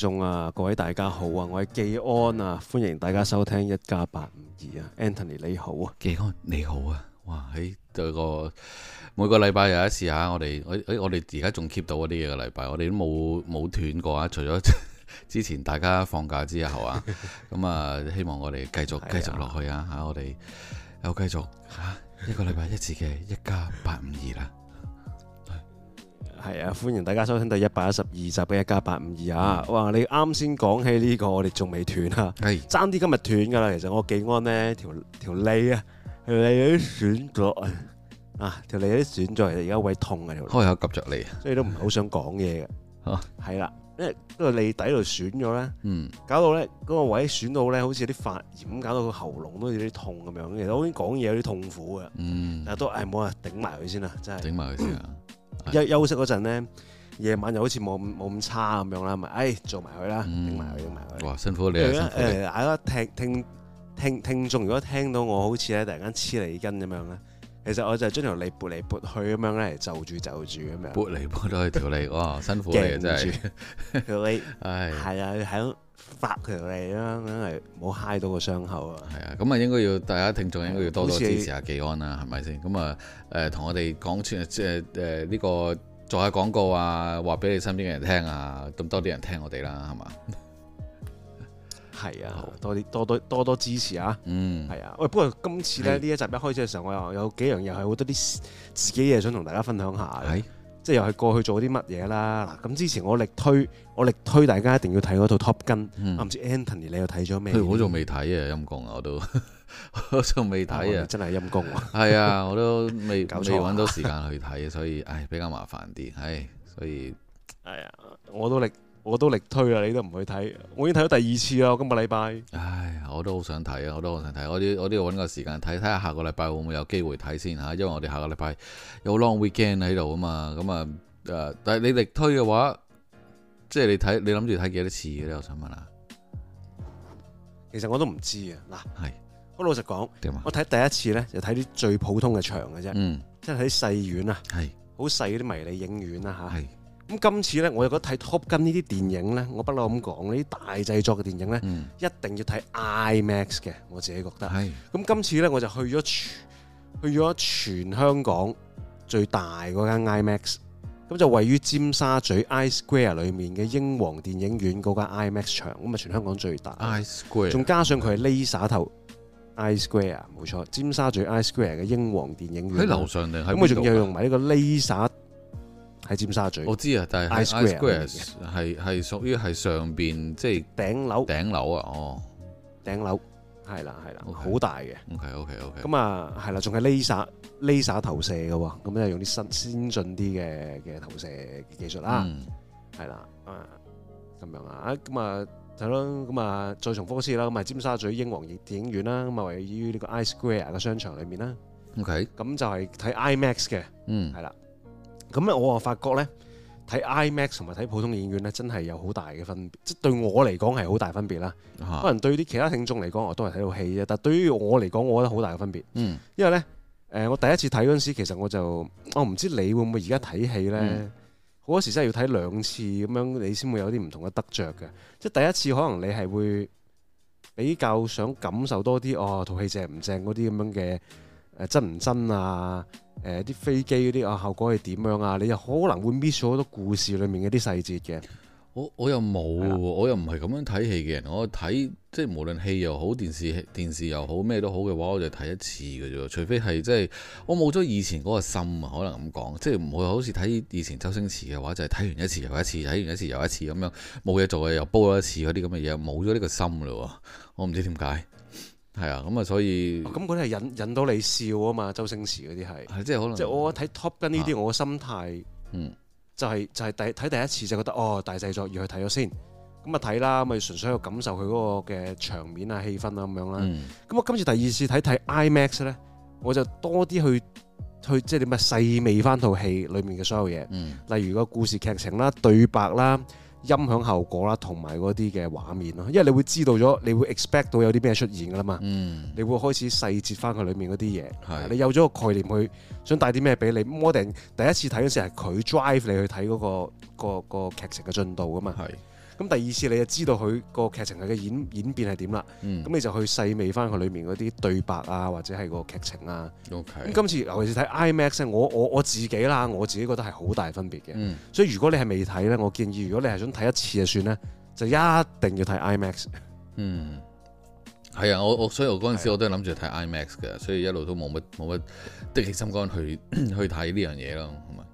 眾啊，各位大家好啊，我係紀安啊，歡迎大家收聽一家852啊，Anthony 你好啊，紀安你好啊，哇喺對，哎、個每個禮拜又一次吓、啊，我哋我我我哋而家仲 keep 到嗰啲嘢個禮拜，我哋都冇冇斷過啊，除咗 之前大家放假之後啊，咁 啊希望我哋繼續繼續落去啊，吓、啊啊、我哋又繼續吓、啊、一個禮拜一次嘅一家852啦。係啊，歡迎大家收聽第一百一十二集嘅一加八五二啊！哇，你啱先講起呢個，我哋仲未斷啊！係爭啲今日斷噶啦，其實我頸安咧條條脷啊，條脷有啲損咗啊！啊，條脷有啲損咗，而家位痛啊！開口夾着脷，所以都唔係好想講嘢嘅。好係啦，因為嗰個脷底度損咗咧，嗯，搞到咧嗰個位損到咧，好似啲發炎咁，搞到個喉嚨都有啲痛咁樣，其實好想講嘢有啲痛苦嘅。嗯，但係都唉冇啊，頂埋佢先啦，真係。頂埋佢先啊！一休息嗰陣咧，夜晚又好似冇冇咁差咁樣啦，咪、哎、誒做埋佢啦，用埋佢，用埋佢。哇，辛苦你哋！誒 住，如果聽聽聽聽眾如果聽到我好似咧突然間黐脷根咁樣咧，其實我就將條脷撥嚟撥去咁樣咧，就住就住咁樣，撥嚟撥去條脷，哇，辛苦你哋真係。係啊，係啊，響。發佢哋啦，梗係冇嗨到個傷口啊！係啊，咁啊，應該要大家聽眾應該要多多支持下紀安啦，係咪先？咁啊，誒、嗯，同、嗯、我哋講出，誒、呃、誒，呢、這個做下廣告啊，話俾你身邊嘅人聽啊，咁多啲人聽我哋啦，係嘛？係啊，好多啲多多多多支持啊！嗯，係啊。喂、哎，不過今次咧呢一集一開始嘅時候，的我又有幾樣嘢係好多啲自己嘢想同大家分享下。即係又係過去做啲乜嘢啦？嗱，咁之前我力推，我力推大家一定要睇嗰套 Top Gun，唔知、嗯、Anthony 你又睇咗咩？我仲未睇啊，陰公啊，我都仲未睇啊，真係陰公、啊。係 啊，我都未搞未揾到時間去睇，所以唉比較麻煩啲，唉，所以係啊、哎，我都力。我都力推啦，你都唔去睇，我已經睇咗第二次啦。我今個禮拜，唉，我都好想睇啊，我都好想睇。我都我都要揾個時間睇睇下下個禮拜會唔會有機會睇先吓，因為我哋下個禮拜有 long weekend 喺度啊嘛。咁啊誒，但係你力推嘅話，即係你睇你諗住睇幾多次嘅咧？我想問下。其實我都唔知啊。嗱，係是，我老實講，樣我睇第一次咧就睇啲最普通嘅場嘅啫。嗯，即係啲細院啊，係是，好細啲迷你影院啦吓。是咁今次咧，我又覺得睇 Top Gun 呢啲電影咧，我不嬲咁講呢啲大製作嘅電影咧，一定要睇 IMAX 嘅。我自己覺得。係。咁今次咧，我就去咗去咗全香港最大嗰間 IMAX，咁就位於尖沙咀 I Square 裡面嘅英皇電影院嗰間 IMAX 場，咁啊全香港最大。I Square。仲加上佢係 Laser 頭。I Square 冇錯，尖沙咀 I Square 嘅英皇電影院。喺樓上定係？咁佢仲要用埋呢個 Laser。喺尖沙咀，我知啊，但係喺 iSquare，係係屬於係上邊，即係頂樓，頂樓啊，哦，頂樓，係啦，係啦，好大嘅，OK，OK，OK，咁啊，係啦，仲係 Laser，Laser 投射嘅喎，咁啊用啲新先進啲嘅嘅投射技術啊，係啦，咁啊咁樣啊，咁啊係咯，咁啊再重複一次啦，咁啊尖沙咀英皇影電影院啦，咁啊位於於呢個 iSquare 嘅商場裏面啦，OK，咁就係睇 IMAX 嘅，嗯，係啦。咁我啊發覺呢，睇 IMAX 同埋睇普通影院呢，真係有好大嘅分別。即係對我嚟講係好大分別啦。啊、可能對啲其他聽眾嚟講，我都係睇套戲啫。但對於我嚟講，我覺得好大嘅分別。嗯，因為呢、呃，我第一次睇嗰陣時，其實我就，我唔知你會唔會而家睇戲呢？好、嗯、多時真係要睇兩次咁樣，你先會有啲唔同嘅得着嘅。即係第一次可能你係會比較想感受多啲，哦，套戲正唔正嗰啲咁樣嘅。誒真唔真啊？誒、呃、啲飛機嗰啲啊，效果係點樣啊？你又可能會 miss 咗好多故事裡面嘅啲細節嘅。我我又冇，我又唔係咁樣睇戲嘅人。我睇即係無論戲又好，電視電視又好，咩都好嘅話，我就睇一次嘅啫。除非係即係我冇咗以前嗰個心，可能咁講，即係唔會好似睇以前周星馳嘅話，就係、係、睇完一次又一次，睇完一次又一次咁樣冇嘢做嘅又煲咗一次嗰啲咁嘅嘢，冇咗呢個心啦喎。我唔知點解。係啊，咁、嗯、啊，所以咁嗰啲係引引到你笑啊嘛，周星馳嗰啲係，即係可能。即係我睇 Top Gun 呢啲，啊、我嘅心態、就是，嗯，就係、是、就係、是、第睇第一次就覺得哦大製作，要去睇咗先，咁啊睇啦，咪純粹去感受佢嗰個嘅場面啊、氣氛啊咁樣啦。咁、嗯、我今次第二次睇睇 IMAX 咧，我就多啲去去，去即係點啊細味翻套戲裏面嘅所有嘢，嗯、例如個故事劇情啦、對白啦。音響效果啦，同埋嗰啲嘅畫面咯，因為你會知道咗，你會 expect 到有啲咩出現噶啦嘛，嗯，你會開始細節翻佢裏面嗰啲嘢，是的 你有咗個概念去想帶啲咩俾你，咁我哋第一次睇嗰時係佢 drive 你去睇嗰、嗰個、嗰個、嗰個劇情嘅進度噶嘛，係。咁第二次你就知道佢個劇情佢嘅演演變係點啦，咁、嗯、你就去細味翻佢裏面嗰啲對白啊，或者係個劇情啊。咁今 Okay, 次尤其是睇 IMAX，我我我自己啦，我自己覺得係好大分別嘅。嗯、所以如果你係未睇呢，我建議如果你係想睇一次就算咧，就一定要睇 IMAX。嗯，係啊，我我所以我嗰陣時我都係諗住睇 IMAX 嘅，啊、所以一路都冇乜冇乜的起心肝去 去睇呢樣嘢咯，係咪？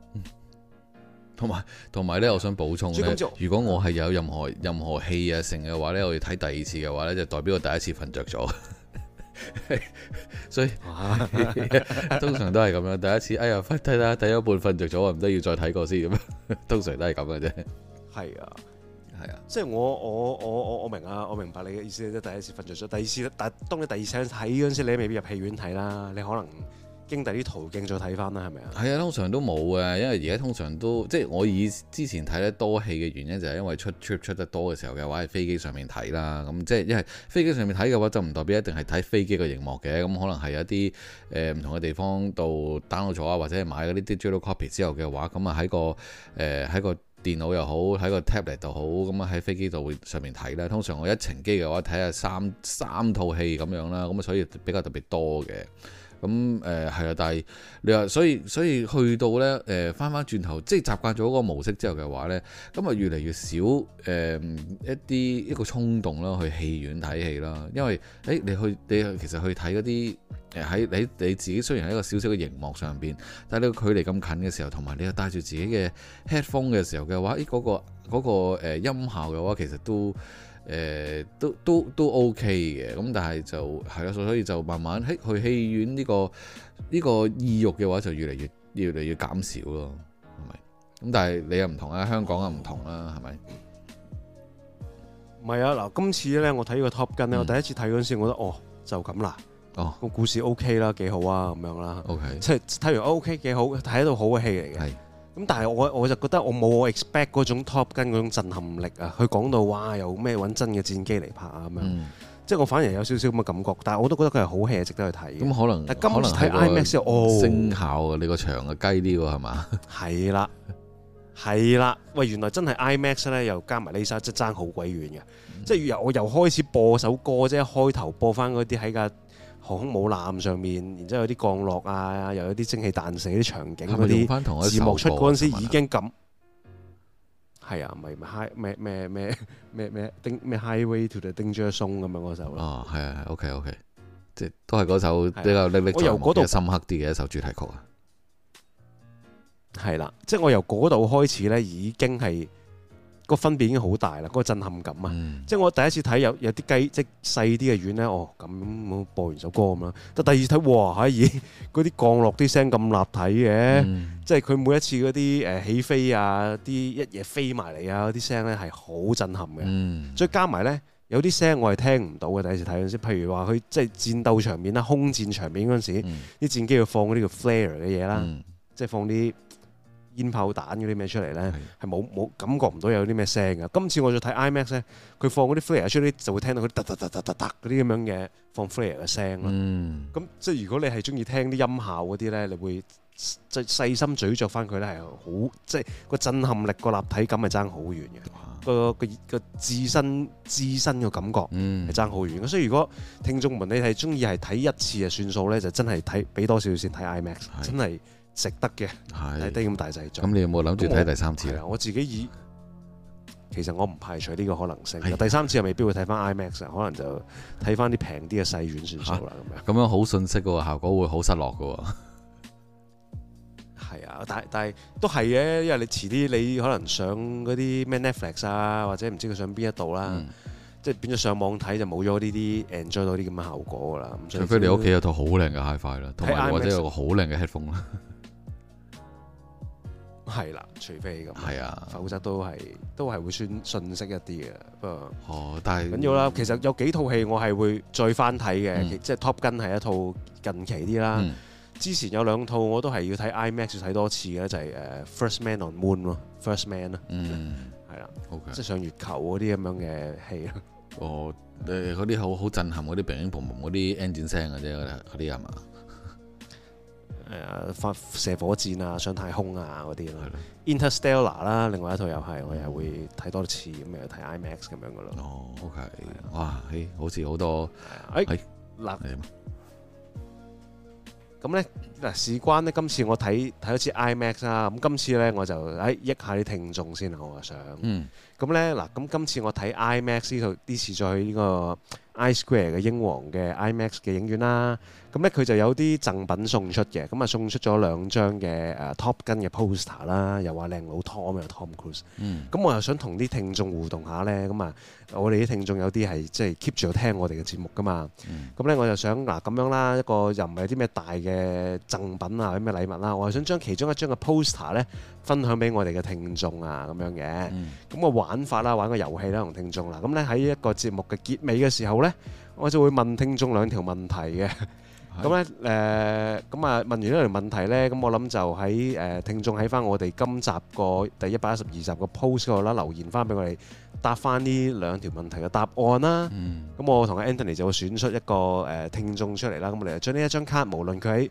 同埋，同埋咧，我想補充咧，如果我係有任何任何戲啊性嘅話咧，我要睇第二次嘅話咧，就代表我第一次瞓着咗。 所以、啊、 通常都係咁樣，第一次哎呀，睇睇睇咗半瞓着咗，唔得，要再睇過先咁。通常都係咁嘅啫。係啊，係啊。即係我我我我我明啊，我明白你嘅意思。即係第一次瞓着咗，第二次，但係當你第二次睇嗰陣時，你未必入戲院睇啦，你可能。經第啲途徑再睇翻啦，係咪啊？係啊，通常都冇嘅，因為而家通常都即係我以之前睇得多戲嘅原因就係因為出 trip 出得多嘅時候嘅話，喺飛機上面睇啦。咁即係因為飛機上面睇嘅話，就唔代表一定係睇飛機嘅熒幕嘅。咁可能係有一啲誒唔同嘅地方度 download 咗啊，或者係買嗰啲 digital copy 之後嘅話，咁啊喺個誒喺、呃、個電腦又好，喺個 tablet 又好，咁啊喺飛機度上面睇啦。通常我一程機嘅話睇下三三套戲咁樣啦，咁啊所以比較特別多嘅。咁誒係啊，但係你話所以所以去到咧誒翻翻轉頭，即係習慣咗嗰個模式之後嘅話咧，咁啊越嚟越少誒、呃、一啲一個衝動啦，去戲院睇戲啦，因為誒你去你其實去睇嗰啲喺你你自己雖然喺一個小小嘅熒幕上邊，但係你距離咁近嘅時候，同埋你又帶住自己嘅 headphone 嘅時候嘅話，咦嗰個嗰個呃音效嘅話，其實都～誒都都都 OK 嘅，咁但係就係咯，所以就慢慢去戲院呢、呢個呢、呢個意欲嘅話就越嚟越越嚟越減少咯，係咪？咁但係你又唔同啦，香港又唔同啦，係咪？唔係啊，嗱，今次咧我睇呢個 Top Gun 咧、嗯，我第一次睇嗰陣時，我覺得哦就咁啦，個、哦、故事 OK 啦，幾好啊，咁樣啦，即係睇完 OK 幾好，睇喺度好嘅戲嚟嘅。咁但係我我就覺得我冇我 expect 嗰種 Top Gun 嗰種震撼力啊，佢講到哇有咩揾真嘅戰機嚟拍啊咁樣，嗯、即係我反而有少少咁嘅感覺，但我都覺得佢係好戲，值得去睇。咁、嗯、可能，但今次睇 IMAX 又哦，聲效啊，你、呢個場啊雞啲喎係嘛？係啦係啦，喂原來真係 IMAX 咧又加埋 Lisa、嗯、即係爭好鬼遠嘅，即係由我由開始播首歌即係開頭播翻嗰啲喺架。航空母艦上面，然之後有啲降落啊，又有啲蒸汽彈射啲場景嗰啲字幕出嗰陣時已經咁，係啊，咪 h i 咩咩咩咩咩丁咩 highway to the danger zone 咁啊嗰首咯，哦係啊，OK OK，即係都係嗰首比較歷歷在目嘅深刻啲嘅一首主題曲啊，係啦，即係我由嗰度開始咧已經係。個分別已經好大啦，嗰、那個震撼感啊！嗯、即係我第一次睇有有啲雞，即係細啲嘅院咧，哦咁播完首歌咁啦。但第二次睇，哇！可、哎、以，嗰啲降落啲聲咁立體嘅，嗯、即係佢每一次嗰啲誒起飛啊，啲一夜飛埋嚟啊，啲聲咧係好震撼嘅。嗯、再加埋咧，有啲聲我係聽唔到嘅。第一次睇嗰陣時，譬如話佢即係戰鬥場面啦、空戰場面嗰陣時，啲戰機佢放嗰啲叫 flare 嘅嘢啦，即係放啲。煙炮彈嗰啲咩出嚟咧，係冇冇感覺唔到有啲咩聲嘅。今次我再睇 IMAX 咧，佢放嗰啲 flare 出嚟，就會聽到佢突突突突突嗰啲咁樣嘅放 flare 嘅聲咯。咁、嗯、即係如果你係中意聽啲音效嗰啲咧，你會即係細心咀嚼翻佢咧，係好即係個震撼力、個立體感係爭好遠嘅。個個個自身自身嘅感覺係爭好遠。嗯、所以如果聽眾們你係中意係睇一次啊算數咧，就真係睇俾多少少先睇 IMAX，的真係的。值得嘅，係低咁大製作。咁你有冇諗住睇第三次？我自己以，其實我唔排除呢個可能性。的第三次又未必會睇翻 IMAX，可能就睇翻啲平啲嘅細院算數啦。咁、啊、樣咁樣好信息嘅話，效果會好失落嘅。係啊，但但係都係嘅，因為你遲啲你可能上嗰啲咩 Netflix 啊，或者唔知佢上邊一度啦，嗯、即係變咗上網睇就冇咗呢啲 enjoy 到啲咁嘅效果噶啦。除非、嗯、你屋企有套好靚嘅 hi-fi 啦，同埋或者有個好靚嘅 headphone 啦。係啦，除非咁，係啊，否則都係都係會算信息一啲嘅。不過哦，但係緊要啦。Us, 其實有幾套戲我係會再翻睇嘅，嗯、即係 Top Gun 係一套近期啲啦。嗯、之前有兩套我都係要睇 IMAX 睇多次嘅，就係、是、誒 First Man on Moon 咯，First Man 咯，嗯，係啦，O K，即係上月球嗰啲咁樣嘅戲咯。哦、嗯，誒嗰啲好好震撼，嗰啲兵兵乓乓，嗰啲 ending scene 啲啊，嗰啲啊嘛。誒發射火箭啊，上太空啊嗰啲啦。Interstellar》啦的，ar, 另外一套又係，我又會睇多次，咁又睇 IMAX 咁樣噶咯。哦、oh,，OK，的哇，誒，好似好多，誒，嗱，咁咧。嗱，事關咧，今次我睇睇一次 IMAX 啦，咁今次咧我就喺益下啲聽眾先啊，我就想，咁咧嗱，咁今次我睇 IMAX 呢度，呢次再去呢個 I Square 嘅英皇嘅 IMAX 嘅影院啦，咁咧佢就有啲贈品送出嘅，咁啊送出咗兩張嘅誒 Top Gun 嘅 poster 啦，又話靚佬 Tom 又 Tom Cruise，咁我又想同啲聽眾互動下咧，咁啊我哋啲聽眾有啲係即係 keep 住聽我哋嘅節目噶嘛，咁咧我就想嗱咁樣啦，一個又唔係啲咩大嘅贈品啊，啲咩禮物啦，我係想將其中一張嘅 poster 咧分享俾我哋嘅聽眾啊，咁樣嘅。咁個玩法啦，玩個遊戲啦，同聽眾啦。咁咧喺一個節目嘅結尾嘅時候咧，我就會問聽眾兩條問題嘅。咁咧誒，咁啊問完呢條問題咧，咁我諗就喺誒聽眾喺翻我哋今集個第一百一十二集個 post 嗰度啦，留言翻俾我哋答翻呢兩條問題嘅答案啦。咁我同 Anthony 就會選出一個誒聽眾出嚟啦。咁我哋就將呢一張 card 無論佢喺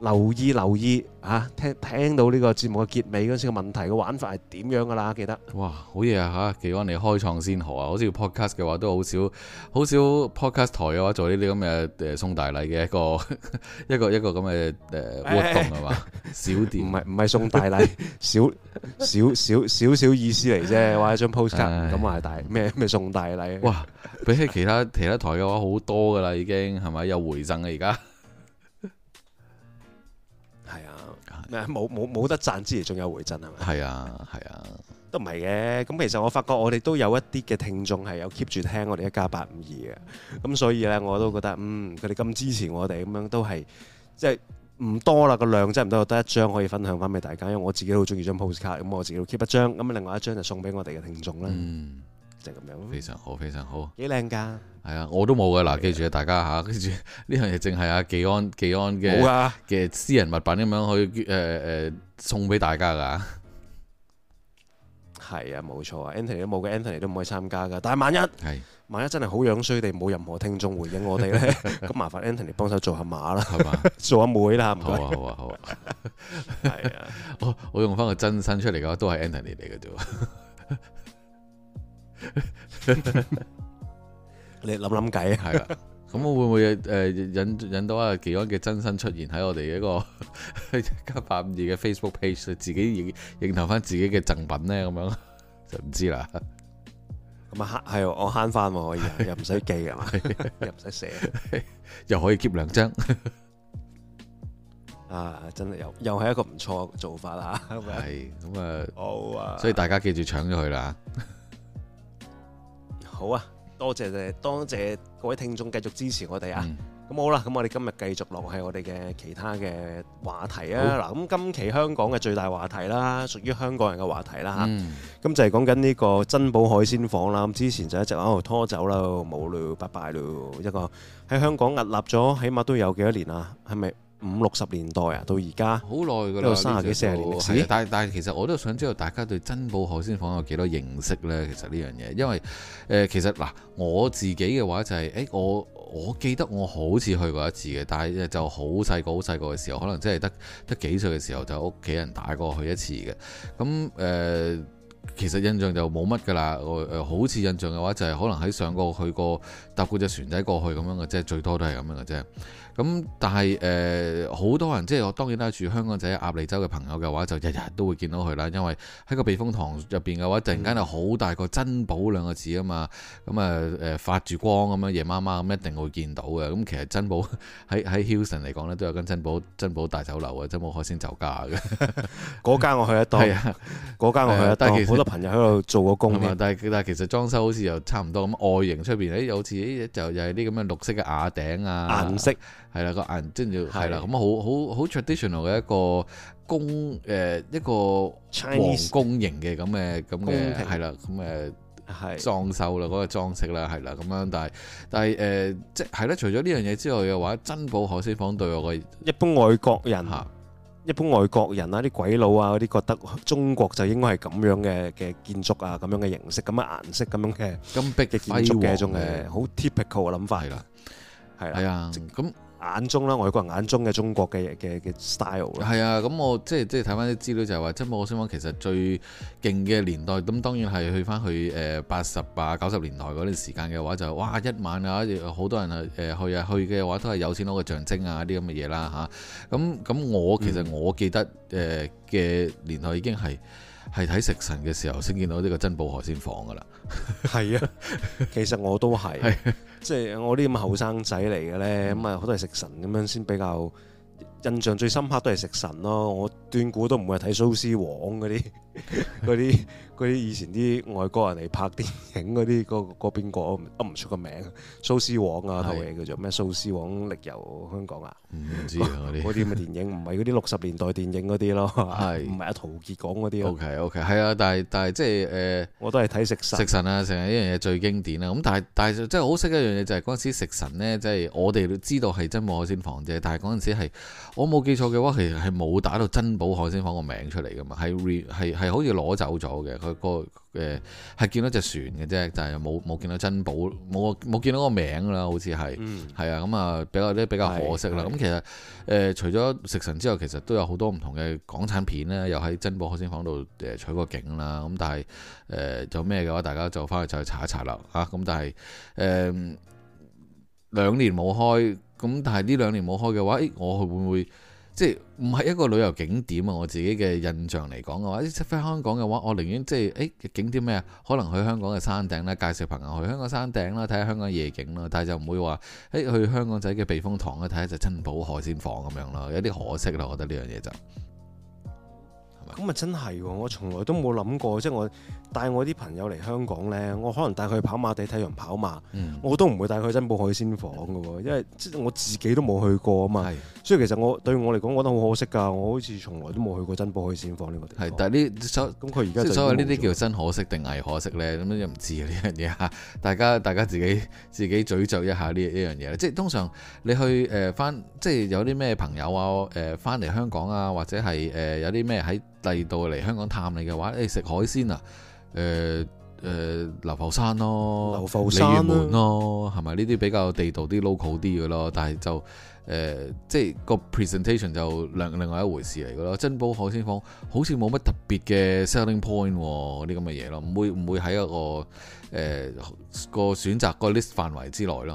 留意留意嚇，聽聽到呢個節目嘅結尾嗰時嘅問題嘅玩法係點樣噶啦？記得哇，好嘢嚇，幾安你開創先河啊！好似 podcast 嘅話，都好少好少 podcast 台嘅話做呢啲咁嘅誒送大禮嘅一個一個一個咁嘅誒活動係嘛？少啲？唔係唔係送大禮，少少少少少意思嚟啫，話一張 postcard 咁話大咩咩送大禮哇、啊！比起其他其他台嘅話好多噶啦，已經係咪有回贈啊？而家 冇冇冇得讚之餘，仲有回贈係咪？係啊，係啊，都唔係嘅。咁其實我發覺我哋都有一啲嘅聽眾係有 keep 住聽我哋一家八五二嘅。咁所以咧，我都覺得嗯，佢哋咁支持我哋，咁樣都係即係唔多啦個量，真係唔多，得一張可以分享翻俾大家。因為我自己都好中意張 postcard，咁我自己都 keep 一張，咁啊另外一張就送俾我哋嘅聽眾啦。嗯，就咁樣，非常好，非常好，幾靚㗎。係啊，我都冇嘅嗱，記住啊，大家吓，跟住呢樣嘢淨係阿紀安紀安嘅嘅有、啊、私人物品咁樣去誒誒、呃、送俾大家噶。係啊，冇錯啊，Anthony 都冇嘅，Anthony 都唔可以參加噶。但係萬一，係是的 萬一真係好樣衰地冇任何聽眾回應我哋咧，咁 麻煩 Anthony 幫手做下馬啦，係嘛吧，做下妹啦、啊，好啊好啊好啊。係 啊是的，我我用翻個真身出嚟嘅話，都係 Anthony 嚟嘅啫。 你諗諗計啊，係啦，咁我會唔會誒引引到阿杰哥嘅真身出現喺我哋一個一家八五二嘅 Facebook page，自己認認頭返自己嘅贈品咧，咁樣就唔知啦。咁啊慳係我慳翻，又又唔使記，係嘛，又唔使寫，又可以 keep 兩張。 啊，真係又又係一個唔錯嘅做法啊！係咁啊，oh, uh. 所以大家記住搶咗佢啦。好啊。多謝多謝各位聽眾繼續支持我哋啊！咁、嗯、好啦，咁我哋今日繼續落係我哋嘅其他嘅話題啊！嗱好，咁今期香港嘅最大話題啦，屬於香港人嘅話題啦吓，咁、嗯、就係講緊呢個珍寶海鮮舫啦。咁之前就一直喺度拖走啦，冇啦，拜拜啦，一個喺香港屹立咗，起碼都有幾多年啊？係咪？五六十年代啊，到而家好耐噶啦，三十幾，幾，幾四十年。但但係其實我都想知道大家對珍寶海鮮舫有幾多認識呢？其實呢樣嘢，因為誒、呃、其實嗱、呃，我自己嘅話就係、是、誒、欸、我我記得我好似去過一次嘅，但係就好細個好細個嘅時候，可能即係得得幾歲嘅時候，就屋企人帶過去一次嘅。咁誒、呃，其實印象就冇乜噶啦。我好似印象嘅話，就係可能喺上去過去個搭嗰隻船仔過去咁樣嘅，即係最多都係咁樣嘅啫。咁但係誒，好多人即係我當然都係住香港仔鴨脷洲嘅朋友嘅話，就日日都會見到佢啦。因為喺個避風塘入邊嘅話，突然間有好大個珍寶兩個字啊嘛，咁啊誒發住光咁樣，夜媽媽咁一定會見到嘅。咁其實珍寶喺喺 Hilton 嚟講咧，都有間珍寶珍寶大酒樓啊，珍寶海鮮酒家嘅。嗰間我去一檔，嗰間我去一檔，但係其實好多朋友喺度做過工。但係但係其實裝修好似又差唔多咁，外形出邊咧好似就又係啲咁嘅綠色嘅瓦頂啊，色。係啦，個顏真係係啦，咁啊好好好 traditional 嘅一個宮誒一個皇宮型嘅咁嘅咁嘅係啦，咁誒裝修啦，嗰個裝飾啦係啦，咁樣但係但係誒即係啦，除咗呢樣嘢之外嘅話，珍寶海鮮舫對我嘅一般外國人，一般外國人啦啲鬼佬啊嗰啲覺得中國就應該係咁樣嘅嘅建築啊，咁樣嘅形式，咁嘅顏色，咁樣嘅金碧輝煌嘅一種好 typical 嘅諗法啦。係啊，咁、嗯、眼中啦，外國那人眼中嘅中國嘅嘅嘅 style 咯。係啊，咁我即係即係睇翻啲資料就係、是、話，即係我先講其實最勁嘅年代，咁當然係去翻去誒八十八九十年代嗰段時間嘅話，就哇一晚啊，好多人誒去啊去嘅話都係有錢佬嘅象徵啊啲咁嘅嘢啦嚇。咁咁我、嗯、其實我記得誒嘅年代已經係。係睇食神嘅時候先見到呢個珍寶河鮮舫噶啦，係啊，其實我都係，即係 我呢啲咁後生仔嚟嘅咧，咁啊好多食神咁樣先比較印象最深刻都係食神咯，我斷估都唔會係睇蘇絲黃嗰啲。嗰啲啲以前啲外國人嚟拍電影嗰啲個個邊個，唔、嗰個嗰個、出個名，蘇絲黃啊套嘢叫做咩？蘇絲黃，力遊香港啊，唔知啊嗰啲嗰啲咁嘅電影，唔係嗰啲六十年代電影嗰啲咯，係唔係阿陶傑講嗰啲？O K O K 係啊，但係但係即係誒，呃、我都係睇食神食神啊，成日呢樣嘢最經典啦、啊。咁但係但係即係好識一樣嘢，就係嗰陣時食神呢。即係我哋都知道係珍寶海鮮舫啫。但係嗰陣時係我冇記錯嘅話，其實係冇打到珍寶海鮮舫個名出嚟噶嘛，係係。好似攞走咗嘅，佢個誒係見到隻船嘅啫，但係冇冇見到珍寶，冇冇見到個名啦，好似係，係啊、嗯，咁啊比較啲比較可惜啦。咁是的 其實誒、呃、除咗食神之後，其實都有好多唔同嘅港產片咧，又喺珍寶海鮮舫度誒取個景啦。咁但係誒就咩嘅話，大家就翻去就去查一查啦嚇。咁、啊、但係誒、呃、兩年冇開，咁但係呢兩年冇開嘅話，誒我去會唔會？即係唔係一個旅遊景點啊！我自己嘅印象嚟講嘅話，即係翻香港嘅話，我寧願即係誒、哎、景點咩啊？可能去香港嘅山頂咧，介紹朋友去香港山頂啦，睇下香港夜景啦。但係就唔會話誒去香港仔嘅避風塘咧，睇下就珍寶海鮮舫咁樣咯。有啲可惜啦，我覺得呢樣嘢就咁啊！真係喎，我從來都冇諗過，即係我。帶我啲朋友嚟香港呢，我可能帶佢去跑馬地睇人跑馬，我都唔會帶佢去珍寶海鮮舫嘅喎，因為我自己都冇去過啊嘛。是的 所以其實我對我嚟講，我覺得好可惜㗎，我好似從來都冇去過珍寶海鮮舫呢個地方。但係呢首咁佢而家所謂呢啲叫真可惜定偽可惜呢？咁又唔知啊呢樣嘢嚇，大家大家自己自己咀咒一下呢呢樣嘢。即係通常你去誒、呃、翻，即係有啲咩朋友啊誒翻嚟香港啊，或者係誒、呃、有啲咩喺第二度嚟香港探你嘅話，你食海鮮啊！誒誒，流浮、呃呃、山咯，鯉魚門咯，係咪呢啲比較地道啲 local 啲嘅咯？但係就誒、呃，即係個 presentation 就另另外一回事嚟嘅咯。珍寶海鮮舫好似冇乜特別嘅 selling point 嗰啲咁嘅嘢咯，唔會唔會喺一個誒個、呃、選擇個 list 範圍之內咯，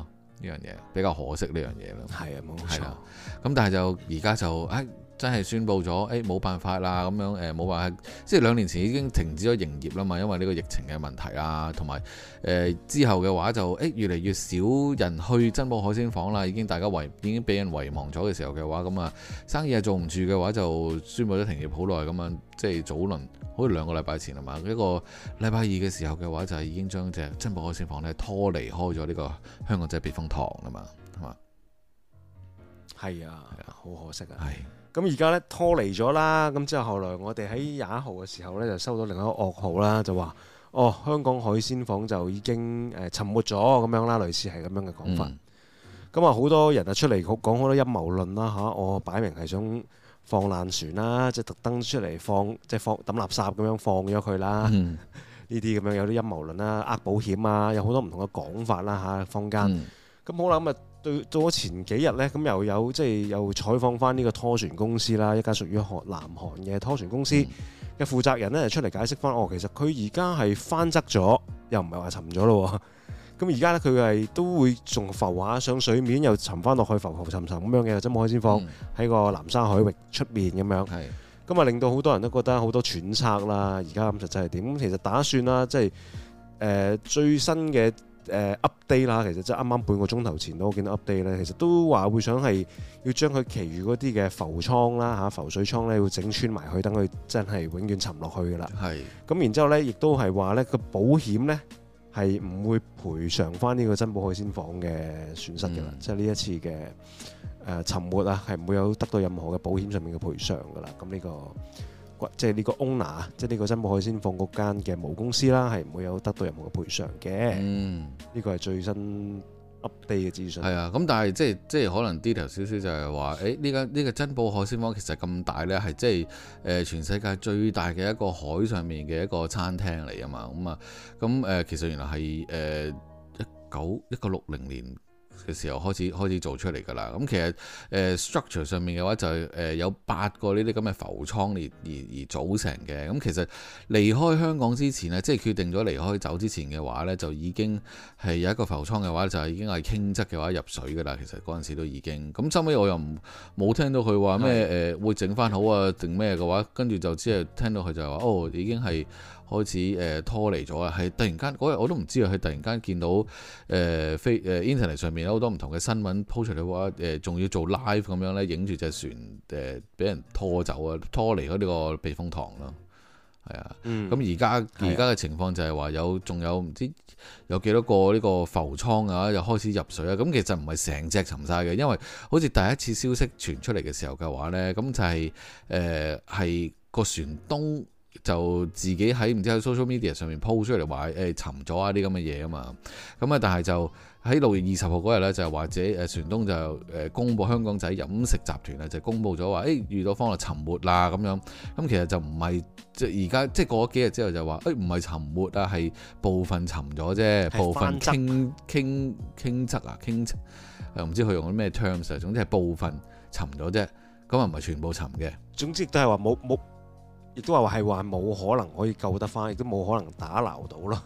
呢樣嘢比較可惜呢樣嘢咯。係啊，冇錯、啊。咁但係就而家就誒。啊真係宣佈咗，誒、欸，冇辦法啦，咁樣，誒、呃，冇辦法，即、就、係、是、兩年前已經停止咗營業啦嘛，因為呢個疫情嘅問題啦、啊，同埋，誒、呃，之後嘅話就，誒、欸，越嚟越少人去珍寶海鮮舫啦，已經大家遺，已經俾人遺忘咗嘅時候嘅話，咁啊，生意係做唔住嘅話，就宣佈咗停業好耐，咁樣，即係早輪，好似兩個禮拜前啊嘛，一個禮拜二嘅時候嘅話，就係已經將隻珍寶海鮮舫咧拖離開咗呢個香港仔避風塘啦嘛，係嘛，係啊，吧好可惜啊，係。咁而家咧拖離咗啦，咁之後後來我哋喺廿一號嘅時候咧就收到另一個噩耗啦，就話哦香港海鮮舫就已經誒沉沒咗咁樣啦，類似係咁樣嘅講法。咁啊好多人啊出嚟講講好多陰謀論啦嚇，我擺明係想放爛船啦，即係特登出嚟放即係、就是、放抌垃圾咁、嗯、樣放咗佢啦。呢啲咁樣有啲陰謀論啦，呃保險啊，有好多唔同嘅講法啦嚇坊間。咁、嗯、好啦咁啊～對，到到咗前幾日呢，咁又有即係又採訪翻呢個拖船公司啦，一家屬於韓南韓嘅拖船公司嘅負責人呢，出嚟解釋翻，嗯、哦，其實佢而家係翻側咗，又唔係話沉咗咯。咁而家呢，佢係都會仲浮啊上水面，又沉翻落去浮浮沉沉咁樣嘅，即係冇海鮮放喺個南沙海域出面咁、嗯、樣。咁啊的令到好多人都覺得好多揣測啦。而家咁實際係點？其實打算啦，即係誒最新嘅。誒 update 啦，其實即係啱啱半個鐘頭前都我見到 update 咧，其實都話會想係要將佢其餘嗰啲嘅浮倉啦嚇浮水倉咧，會整穿埋去，等佢真係永遠沉落去㗎啦。係是。咁然之後咧，亦都係話咧個保險咧係唔會賠償翻呢個珍寶海鮮舫嘅損失㗎啦，嗯、即係呢一次嘅誒、呃、沉沒啊，係唔會有得到任何嘅保險上面嘅賠償㗎啦。咁呢、呢個。即係呢個 owner，即係呢個珍寶海鮮舫嗰間嘅母公司啦，係唔會有得到任何嘅賠償嘅。嗯，呢個係最新 update 嘅資訊。係啊、嗯，咁但係即係即係可能 detail 少少就係話，誒呢間呢個珍寶海鮮舫其實咁大呢，係即係誒、呃、全世界最大嘅一個海上面嘅一個餐廳嚟啊嘛。咁啊，咁、呃、誒其實原來係誒一九一九六零年。嘅時候開始開始做出嚟㗎啦，咁其實誒、呃、structure 上面嘅話就係、是、誒、呃、有八個呢啲咁嘅浮倉而而而組成嘅，咁其實離開香港之前咧，即係決定咗離開走之前嘅話呢就已經係有一個浮倉嘅話就係、是、已經係傾側嘅話入水㗎啦，其實嗰陣時都已經，咁收尾我又唔冇聽到佢話咩誒會整翻好啊定咩嘅話，跟住就只係聽到佢就係話哦已經係。開始誒、呃、拖離咗啊！係突然間嗰日我都唔知啊，係突然間見到誒飛誒 internet 上面有好多唔同嘅新聞鋪出嚟嘅話誒，仲要做 live 咁樣咧，影住隻船誒俾、呃、人拖走啊，拖離咗呢個避風塘咯，係啊。咁而家而家嘅情況就係話有仲有唔知有幾多個呢個浮倉啊，又開始入水啊。咁其實唔係成隻沉晒嘅，因為好似第一次消息傳出嚟嘅時候嘅話咧，咁就係誒係個船東。就自己喺唔知喺 social media 上面 po 出嚟話誒沉咗啊啲咁嘅嘢啊嘛，咁啊但係就喺六月二十號嗰日咧就或者誒船東就誒、呃、公布香港仔飲食集團啊就公布咗話誒遇到風浪沉沒啦咁樣，咁其實就唔係即係而家即係過咗幾日之後就話誒唔係沉沒啊係部分沉咗啫，部分傾傾傾側啊傾唔、呃、知佢用啲咩 terms，總之係部分沉咗啫，咁啊唔係全部沉嘅，總之都係話冇冇。亦都話係話冇可能可以救得翻，亦都冇可能打撈到咯，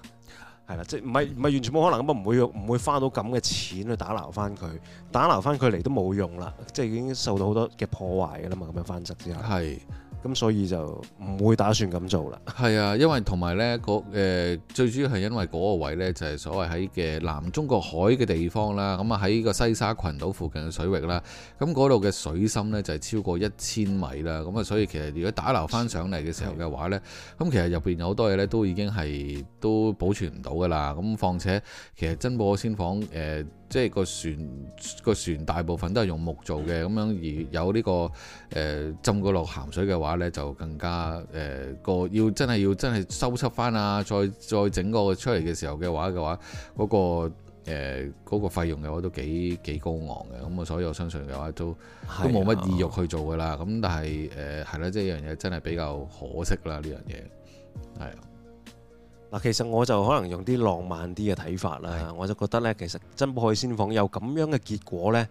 係 啦，即係唔係唔係完全冇可能咁啊？唔會唔會花到咁嘅錢去打撈翻佢，打撈翻佢嚟都冇用啦，即係已經受到好多嘅破壞㗎啦嘛，咁樣翻側之後。咁所以就唔會打算咁做啦。係啊，因為同埋呢嗰、呃、最主要係因為嗰個位呢，就係、是、所謂喺嘅南中國海嘅地方啦。咁啊喺個西沙群島附近嘅水域啦，咁嗰度嘅水深呢，就係、是、超過一千米啦。咁啊，所以其實如果打撈翻上嚟嘅時候嘅話呢，咁的其實入邊有好多嘢呢，都已經係都保存唔到噶啦。咁況且其實珍寶鮮舫誒。呃即係個船個船大部分都係用木做嘅，咁樣而有呢、這個誒、呃、浸過落鹹水嘅話呢就更加誒個、呃、要真係要真係修葺翻啊，再再整個出嚟嘅時候嘅話嘅話，嗰、那個誒嗰個費用嘅話都幾幾高昂嘅。咁、嗯、啊，所以我相信嘅話都都冇乜意欲去做噶啦。咁的但係誒係啦，即係一樣嘢真係比較可惜啦。呢樣嘢係其實我就可能用啲浪漫啲嘅睇法啦，是的 我就覺得呢，其實珍寶海鮮舫有咁樣嘅結果呢，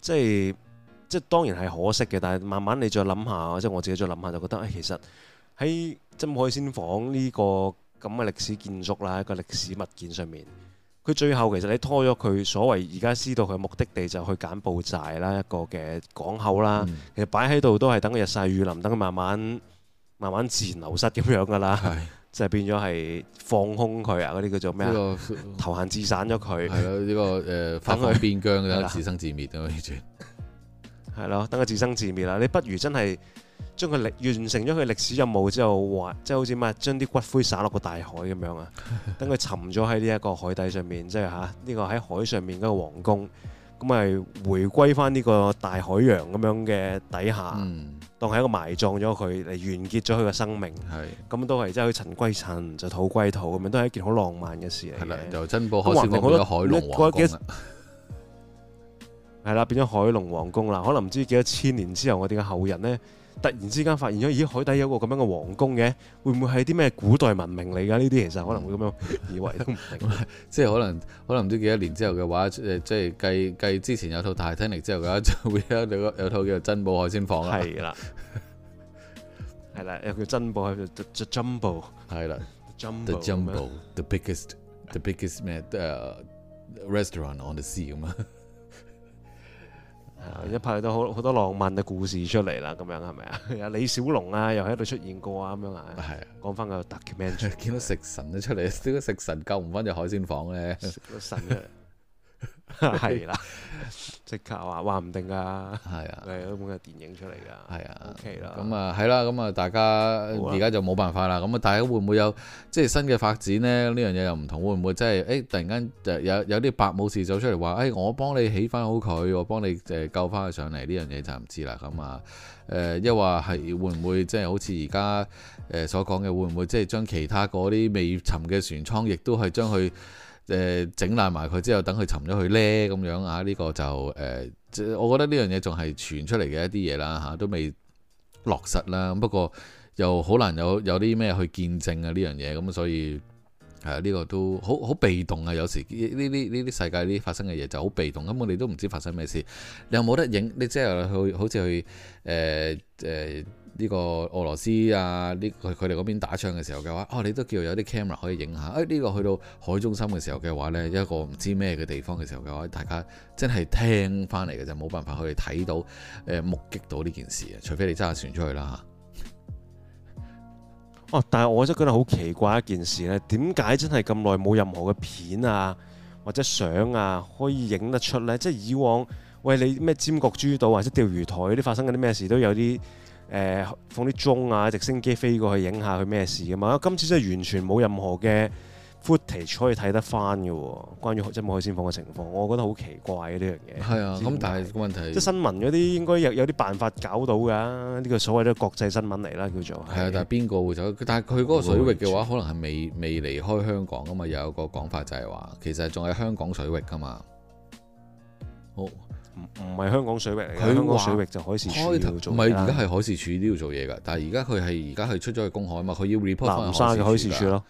即係即係當然係可惜嘅。但係慢慢你再諗下，即係我自己再諗下，就覺得、哎、其實喺珍寶海鮮舫呢個咁嘅歷史建築啦，一個歷史物件上面，佢最後其實你拖咗佢所謂而家知道佢目的地就去柬埔寨啦，一個嘅港口啦，嗯、其實擺喺度都係等佢日曬雨淋，等佢慢慢慢慢自然流失咁樣噶啦。就變咗係放空佢啊！嗰啲叫做咩？投閒、這個、自散咗佢。係咯，呢、這個誒，等佢邊疆嘅自生自滅啊！完全係咯，等佢自生自滅啦！你不如真係將佢歷完成咗佢歷史任務之後，或即係好似咩，將啲骨灰撒落個大海咁樣啊！等佢沉咗喺呢一個海底上面，即係嚇呢個喺海上面嗰個皇宮。咁係回歸翻呢個大海洋咁樣嘅底下，嗯、當係一個埋葬咗佢，嚟完結咗佢嘅生命。係咁的都係，即係塵歸塵，就土歸土，咁樣都係一件好浪漫嘅事嚟係咪？就是、珍寶海變成咗海龍王宮，係啦，變咗海龍王宮啦。可能唔知幾多千年之後，我哋嘅後人呢。突然之間發現咗，咦！海底有個咁樣嘅皇宮嘅，會唔會係啲咩古代文明嚟㗎？呢啲其實可能會咁樣以為都唔定， 即係可能可能唔知幾多年之後嘅話，即係繼繼之前有套 Titanic 之後嘅話，就會有,套,有套叫做珍寶海鮮房啦。係啦了，係啦， 有叫珍寶，the the jumbo，係啦 the jumbo，the biggest，the biggest 咩 biggest, biggest,、uh, restaurant on the sea 嘛？ 一派到好好多浪漫嘅故事出嚟啦，咁樣係咪啊？有 李小龍啊，又喺度出現過啊，咁樣啊，講翻的個特技名出嚟，見到食神都出嚟，點解的食神救唔翻隻海鮮房咧。食神 係 啦，即刻話話唔定噶，係啊，係都本日電影出嚟噶，係啊，OK 啦。咁啊，係啦、OK 了，咁啊、嗯嗯，大家而家就冇辦法啦。咁啊吧，大家會唔會有即係、就是、新嘅發展呢？呢樣嘢又唔同，會唔會即係誒？突然間誒有有啲白武士走出嚟話誒，我幫你起翻好佢，我幫你誒救翻佢上嚟。呢樣嘢就唔知啦。咁啊，誒、呃，一話係會唔會即係好似而家誒所講嘅，會唔會即係將其他嗰啲未沉嘅船艙，亦都係將佢？誒整爛埋佢之後，等佢沉咗去呢。咁樣啊？呢、這個就誒、呃，我覺得呢樣嘢仲係傳出嚟嘅一啲嘢啦嚇，都未落實啦，啊。不過又好難有有啲咩去見證啊呢樣嘢咁，所以誒呢、啊這個都好好被動啊。有時呢啲呢啲世界啲發生嘅嘢就好被動，咁我哋都唔知發生咩事。你又冇得影？你即、就、係、是、去好似去誒誒。呃呃呢個俄羅斯啊，呢佢哋嗰邊打槍嘅時候嘅話，哦，你都叫有啲 camera 可以影下。誒、哎、呢、這個去到海中心嘅時候嘅話呢，一個唔知咩嘅地方嘅時候嘅話，大家真係聽翻嚟嘅就冇辦法可以睇到誒目擊到呢件事啊。除非你揸船出去啦嚇。哦、啊，但係我真覺得好奇怪一件事呢，點解真係咁耐冇任何嘅片啊或者相啊可以影得出呢？即係以往喂，你咩尖閣諸島或者釣魚台啲發生緊啲咩事都有啲。誒、呃、放啲鐘啊，直升機飛過去影下佢咩事㗎嘛？今次真係完全冇任何嘅 footage 可以睇得返嘅、啊，關於即冇海鮮舫嘅情況，我覺得好奇怪呢樣嘢。係啊，咁、啊、是但係個問題，即係新聞嗰啲應該有有啲辦法搞到㗎、啊。呢、呢個所謂都國際新聞嚟啦，叫做係啊。但係邊個會走？但係佢嗰個水域嘅話，可能係未未離開香港㗎嘛？有個講法就係話，其實仲係香港水域㗎嘛。好。唔唔係香港水域嚟嘅，說，佢話香港水域就海事處。開頭唔係，而家係海事處都要做嘢噶，但係而家佢係而家係出咗去公海嘛，佢要 report 返去海事處咯。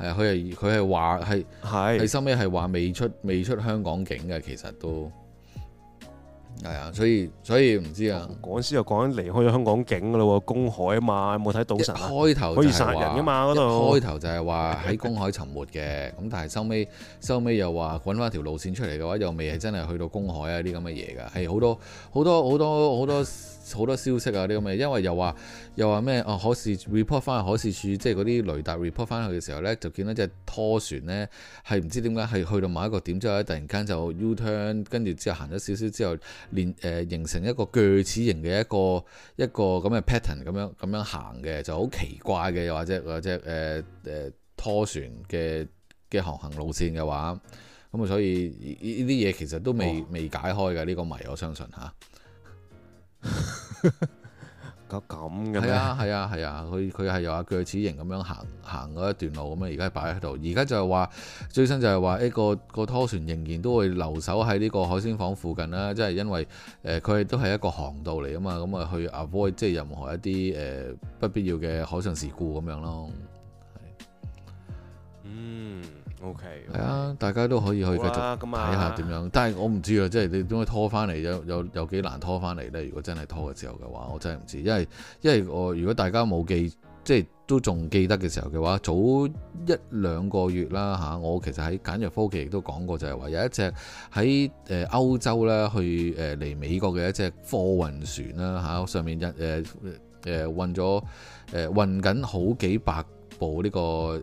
係啊，佢係佢係話係係，係收尾係話未出未出香港境嘅，其實都。係啊，所以所以唔知啊，嗰陣、嗯、時又講離開咗香港境噶啦喎，公海啊嘛，有冇睇《賭神》啊？一開頭可以殺人噶嘛，嗰度一開頭就係話喺公海沉沒嘅，咁 但係收尾收尾又話滾翻條路線出嚟嘅話，又未係真係去到公海啊啲咁嘅嘢㗎，係好多好多好多好多。好多消息啊！呢個咩？因為又話又話咩哦，海事 report 翻去海事處，即係嗰啲雷達 report 翻去嘅時候呢，就見到隻拖船呢，係唔知點解係去到某一個點之後咧，突然間就 U turn，跟住之後行咗少少之後，連誒、呃、形成一個鋸齒形嘅一個一個咁嘅 pattern 咁樣咁樣行嘅就好奇怪嘅，或者或者誒誒、呃、拖船嘅嘅航行路線嘅話，咁啊所以呢啲嘢其實都未未、哦、解開嘅呢、呢個謎，我相信嚇。啊。咁咁嘅咩？係 啊，係啊，係啊，佢佢係有阿鋸齒形咁樣行行一段路咁啊。而家擺喺度，而家就係話最新就係話，呢、欸、個個拖船仍然都會留守喺呢個海鮮舫附近啦。即係因為誒，佢、呃、係都係一個航道嚟，啊嘛，咁啊去 avoid 即係任何一啲誒、呃、不必要嘅海上事故咁樣咯。嗯。O K，係啊，okay, okay。大家都可以去繼繼續睇下點樣，但係我唔知啊，即係你點解拖翻嚟，有有有幾難拖翻嚟咧？如果真係拖嘅時候嘅話我真係唔知。因為因為我如果大家冇記即係都仲記得嘅時候嘅話早一兩個月啦吓、啊、我其實喺簡約科技亦都講過就係話有一隻喺誒歐洲咧去誒嚟、呃、美國嘅一隻貨運船啦吓、啊、上面一誒誒運咗誒運緊好幾百。部呢個誒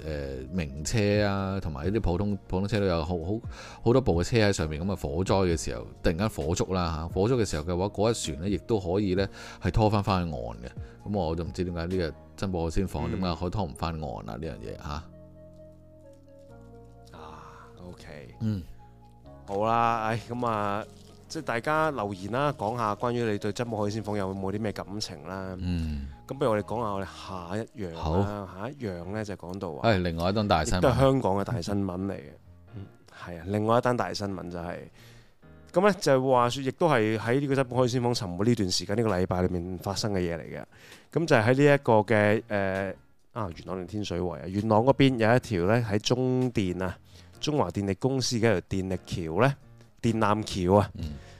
名車啊，同埋一啲普通普通車都有好好好，好多部嘅車喺上面。咁啊火災嘅時候，突然間火燭啦吓，火燭嘅時候嘅話，嗰一船呢亦都可以呢係拖翻翻去岸嘅。咁我就唔知點解呢個珍寶海鮮舫點解、嗯、可以拖唔翻岸啊？呢樣嘢吓啊、ah,，OK，嗯，好啦，唉，咁啊。即係大家留言啦，講下關於你對《珍寶海鮮舫》有冇啲咩感情啦？咁、嗯、不如我哋講下我哋下一樣好下一樣呢，就講、是、到誒、嗯，另外一單大新聞、就是，都係香港嘅大新聞嚟嘅。嗯，係啊，另外一單大新聞就係咁呢，就係話說，亦都係喺呢個《珍寶海鮮舫》沉沒呢段時間呢、這個禮拜裏面發生嘅嘢嚟嘅。咁就喺呢一個嘅誒、呃、啊元朗定天水圍啊元朗嗰邊有一條呢，喺中電啊中華電力公司嘅一條電力橋呢，電纜橋啊，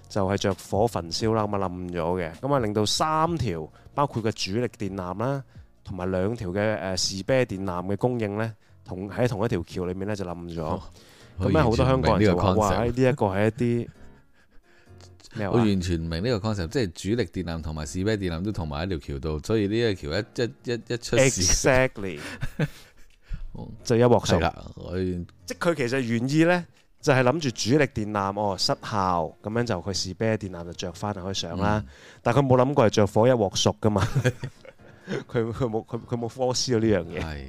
就係着火焚燒啦，咁啊冧咗嘅，咁啊令到三條包括嘅主力電纜啦，同埋兩條嘅誒士啤電纜嘅供應呢，同喺同一條橋裡面呢就冧咗，咁啊好多香港人就話：哇！呢一個係一啲咩話？我完全唔明呢個 concept，即係主力電纜同埋士啤電纜都同埋一條橋度，所以呢個橋一一一,一出 exactly 就一鑊熟。啦、啊， 即係佢其實原意呢。就係諗住主力電纜哦失效咁樣就佢士啤電纜就着翻啊去上啦，嗯、但係佢冇諗過係着火一鑊熟噶嘛，佢佢冇佢佢冇 foresee 到呢樣嘢，係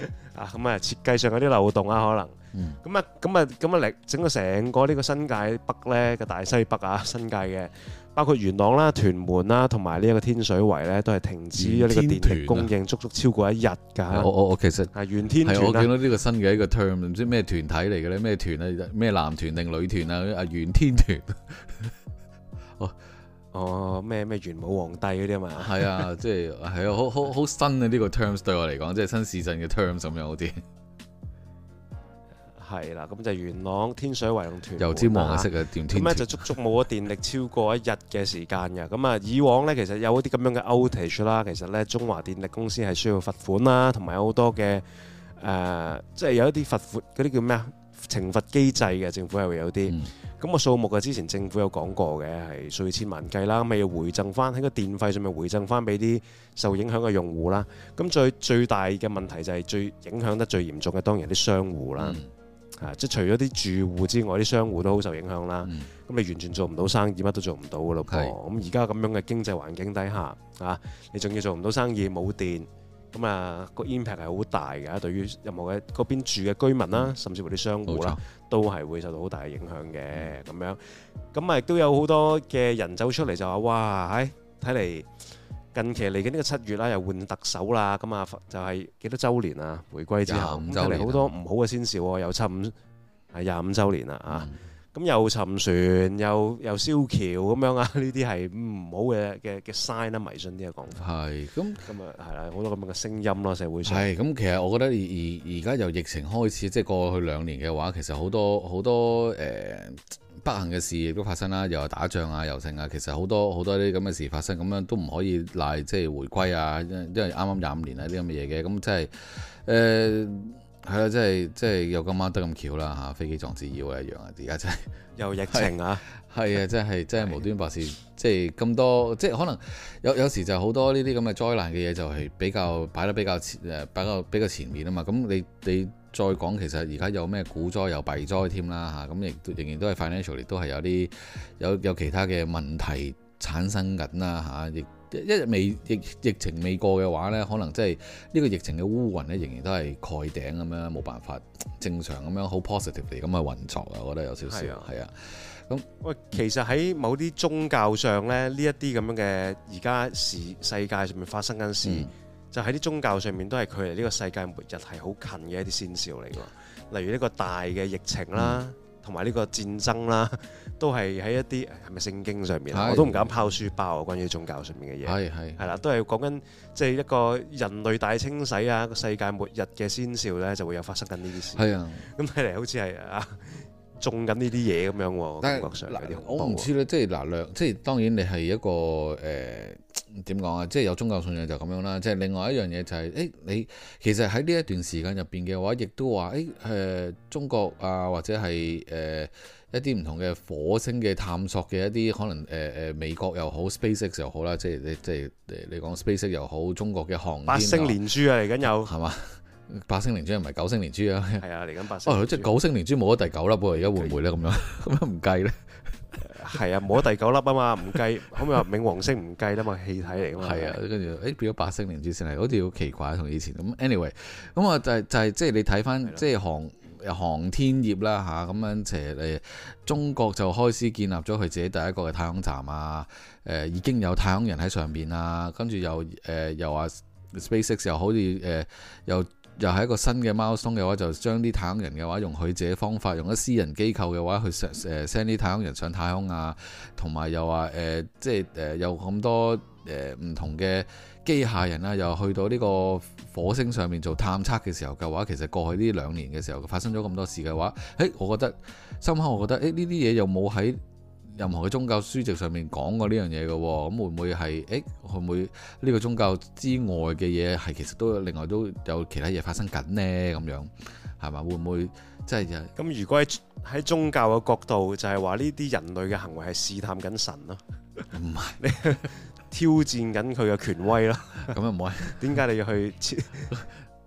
是 啊咁啊設計上有啲漏洞啦、啊，可能，咁啊咁啊咁啊嚟整個成個呢個新界北咧嘅大西北啊新界嘅。包括元朗啦、屯門啦，同埋呢一個天水圍咧，都係停止咗呢個電力供應，足足超過一日噶。我我我其實啊，元天團我見到呢個新嘅一個 terms，唔知咩團體嚟嘅咧，咩團啊，咩男團定女團啊，阿元天團。哦哦，咩咩、哦、元武皇帝嗰啲嘛？係 啊，即係係啊，好好好新啊！呢個 terms 對我嚟講，即係新市鎮嘅 terms 咁樣好啲。係啦，咁就元朗、天水圍、屯門，有天黃嘅色嘅電，咁咧就足足冇咗電力 超過一日嘅時間嘅。咁啊，以往呢，其實有一啲咁樣嘅 outage 啦，其實呢，中華電力公司係需要罰款啦，同埋好多嘅誒，即、呃、係、就是、有一啲罰款嗰啲叫咩啊？懲罰機制嘅政府係會有啲。咁個、嗯、數目啊，之前政府有講過嘅係數以千萬計啦，咁咪要回贈翻喺個電費上面回贈翻俾啲受影響嘅用戶啦。咁最最大嘅問題就係最影響得最嚴重嘅，當然係啲商戶啦。嗯啊！即除咗啲住戶之外，啲商戶都好受影響啦。咁、嗯、你完全做唔到生意，乜都做唔到噶咯噃。咁而家咁樣嘅經濟環境底下，啊，你仲要做唔到生意，冇電，咁啊、個 impact 係好大嘅。對於任何嘅嗰邊住嘅居民啦、啊，甚至乎啲商戶啦，像都係會受到好大嘅影響嘅。咁、嗯、樣，咁咪都有好多嘅人走出嚟就話：哇！睇嚟。近期嚟緊呢個七月啦，又換特首啦，咁啊就係、是、幾多周年啊？回歸之後，廿五週年，多好多唔好嘅先兆喎、嗯啊，又沉係廿五周年啦啊，咁又沉船又又燒橋咁樣啊，呢啲係唔好嘅嘅嘅 sign 啦，迷信啲嘅講法。係咁咁啊，係、嗯、啦，好、嗯、多咁樣嘅聲音咯，社會上係咁、嗯，其實我覺得而而而家由疫情開始，即係過去兩年嘅話，其實好多好多誒。不幸嘅事亦都發生啦，又係打仗啊，又剩啊，其實好多好多啲咁嘅事發生，咁樣都唔可以賴即係回歸啊，因為啱啱廿五年啦啲咁嘅嘢嘅，咁即係誒係啦，即係即係又咁啱得咁巧啦嚇、啊，飛機撞紙鷂一樣啊，而家真係又疫情啊，係啊，真係真係 的無端白事。即係咁多，即係可能有有時就好多呢啲咁嘅災難嘅嘢就係比較擺得比較前誒比比較前面啊嘛，咁你你，你你你再講，其實而家有咩股災又弊災添啦嚇，咁亦都仍然都係 financial 嚟，都係有啲有有其他嘅問題產生緊啦嚇。一日未疫疫情未過嘅話咧，可能真係呢個疫情嘅烏雲咧，仍然都係蓋頂咁樣，冇辦法正常咁樣好 positively 咁去運作啊。我覺得有少少係啊。咁喂、啊，其實喺某啲宗教上咧，呢一啲咁樣嘅而家世世界上面發生緊事。嗯嗯。就喺啲宗教上面都係距離呢個世界末日係好近嘅一啲先兆嚟㗎，例如呢個大嘅疫情啦，同埋呢個戰爭啦，都係喺一啲係咪聖經上面，是我都唔敢拋書包啊！關於宗教上面嘅嘢，係係啦，都係講緊即係一個人類大清洗啊，世界末日嘅先兆呢，就會有發生緊呢啲事。係啊的，咁睇嚟好似係啊。 種緊呢啲嘢咁樣喎，我唔是些知咧，嗯、即係嗱，兩，即係當然你係一個誒點講啊，即係有宗教信仰就咁樣啦，即係另外一樣嘢就係、是，誒、欸、你其實喺呢一段時間入邊嘅話，亦都話，誒、欸、誒、呃、中國啊，或者係誒、呃、一啲唔同嘅火星嘅探索嘅一啲可能，誒、呃、誒美國又好，SpaceX 又好啦，即係即係你講 SpaceX 又好，中國嘅航天啊，星連珠啊嚟緊有係嘛？ 八星連珠唔係九星連珠啊！係啊，嚟緊八星。哦，即係九星連珠冇咗第九粒喎、啊，而家會唔會咧咁樣？咁樣唔計咧？係 miyorum 啊，冇咗第九粒啊嘛，唔計。咁啊，冥王星唔計啦嘛，氣體嚟嘛。係啊，跟住誒變咗八星連珠先係，好似好奇怪，同以前咁。Anyway，咁啊就就係即係你睇翻，即係航航天業啦吓，咁樣即係誒，中國就開始建立咗佢自己第一個嘅太空站啊，誒已經有太空人喺上邊啊，跟住又誒、呃、又話 SpaceX 又好似誒、呃、又。又又又又又又係一個新嘅貓松嘅話，就將啲太空人嘅話用佢自己方法，用一私人機構嘅話去 send 啲、呃、太空人上太空啊，呃呃呃、同埋又話誒即係誒有咁多誒唔同嘅機械人啦、啊，又去到呢個火星上面做探測嘅時候嘅話，其實過去呢兩年嘅時候發生咗咁多事嘅話，誒我覺得深刻，我覺得誒呢啲嘢又冇喺任何嘅宗教書籍上面講過呢樣嘢嘅，咁會唔會係？誒、欸，會唔會呢個宗教之外嘅嘢係其實都有另外都有其他嘢發生緊呢？咁樣係嘛？會唔會即係？咁如果喺喺宗教嘅角度，就係話呢啲人類嘅行為係試探緊神咯、啊，唔係是 挑戰緊佢嘅權威咯、啊。咁又唔可以？點 解你要去？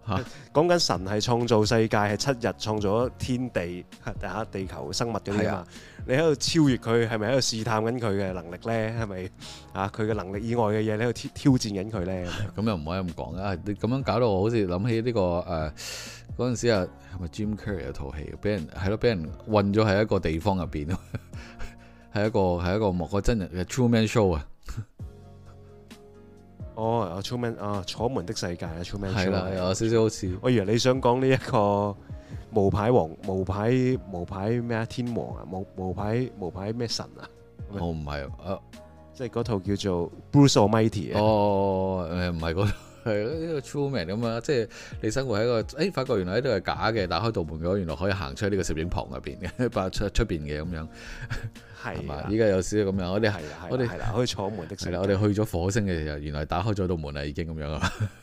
嚇、啊，講緊 神係創造世界，係七日創造天地，地球生物嗰啲你喺度超越佢，係咪喺度試探緊佢嘅能力咧？係咪啊？佢嘅能力以外嘅嘢，你喺度挑挑戰緊佢咧？咁又唔可以咁講啦！你、啊、咁樣搞到我好似諗起呢、這個誒，嗰、啊、陣時啊，係咪 Jim Carrey 套戲，俾人係咯，俾人困咗喺一個地方入邊咯，係 一個係一個莫過真人嘅 True Man Show 啊！哦，啊 True Man 啊，楚門的世界 Show，啊 True Man 係啦，有少少好似。我以為你想講呢一個。冒牌王、冒牌、冒牌咩天王啊，冒牌、冒牌咩神啊？我唔係即係嗰套叫做 Bruce Almighty 哦，唔係嗰個係呢個 True Man 咁啊！即係你生活喺個誒、哎，發覺原來呢度係假嘅，打開道門嗰，原來可以行出呢個攝影棚入邊嘅，出出出邊嘅咁樣係嘛？依家、啊、有少少咁樣，我哋係啊，我哋啦可以闖門的神啦，我哋去咗火星嘅時候，原來打開咗道門啦，已經咁樣啊。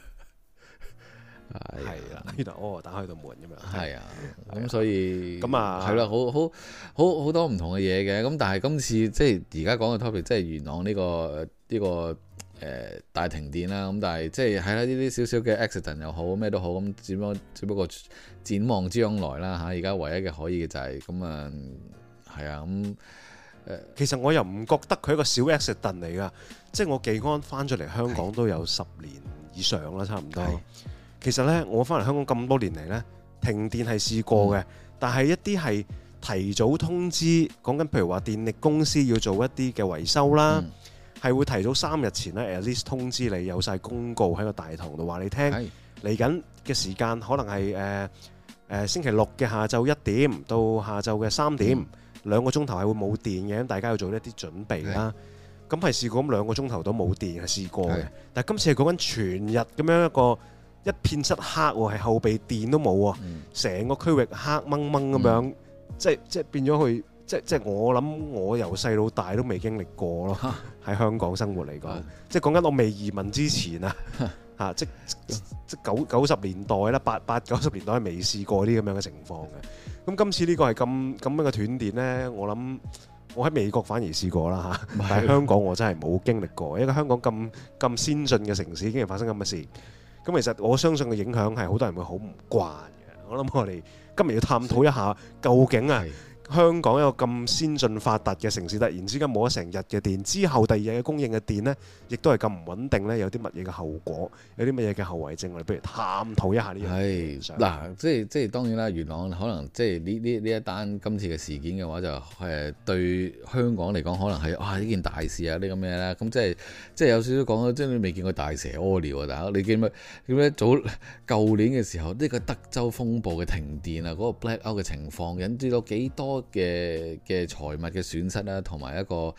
哦、打開到門咁樣，係啊，咁、啊、所以咁啊，係啦、啊，好好好好多唔同嘅嘢嘅，咁但係今次即係而家講嘅 topic，即係元朗呢、呢個呢、呢個誒、呃、大停電啦，咁但係即係係啦，呢啲少少嘅 accident 又好，咩都好，咁只不過只不過展望之將來啦嚇，而家唯一嘅可以嘅就係、是、咁、嗯、啊，係、嗯、啊，咁誒，其實我又唔覺得佢一個小 accident 嚟噶，即係我技安返出嚟香港都有十年以上啦，差唔多。其實呢，我翻嚟香港咁多年嚟呢，停電係試過嘅。嗯、但係一啲係提早通知，講緊譬如話電力公司要做一啲嘅維修啦，係、嗯、會提早三日前呢 at least 通知你有晒公告喺個大堂度話你聽嚟緊嘅時間可能係誒、呃、星期六嘅下晝一點到下晝嘅三點、嗯、兩個鐘頭係會冇電嘅，大家要做一啲準備啦。咁係試過咁兩個鐘頭都冇電係試過嘅的，但係今次係講緊全日咁樣一個。一片漆黑喎，係後備電都冇喎，成、嗯、個區域黑掹掹咁樣，即係即係變咗佢。即係即係我諗我由細到大都未經歷過咯，喺哈 香港生活嚟講，即係講緊我未移民之前啊，嚇即即九九十年代啦，八八九十年代未試過啲咁樣嘅情況嘅，咁、嗯、今次呢個係咁咁樣嘅斷電呢，我諗我喺美國反而試過啦嚇，是但係香港我真係冇經歷過，一個香港咁咁先進嘅城市竟然發生咁嘅事。咁其實我相信嘅影響係好多人會好唔慣嘅，我諗我哋今日要探討一下究竟係。香港有咁先進發達嘅城市，突然之間冇咗成日嘅電，之後第二日嘅供應嘅電呢，亦都係咁唔穩定呢，有啲乜嘢嘅後果，有啲乜嘢嘅後遺症，我哋不如探討一下呢樣。嗱，即係即係當然啦，元朗可能即係呢呢一單今次嘅事件嘅話，就誒、呃、對香港嚟講，可能係哇一件大事啊呢咁咩啦。咁、啊嗯、即係即係有少少講咗，即係你未見過大蛇屙尿啊！但係你見唔見到早舊年嘅時候，呢個德州風暴嘅停電啊，嗰個 blackout 嘅情況，引致到幾多？嘅嘅財物嘅損失啦，同埋一個誒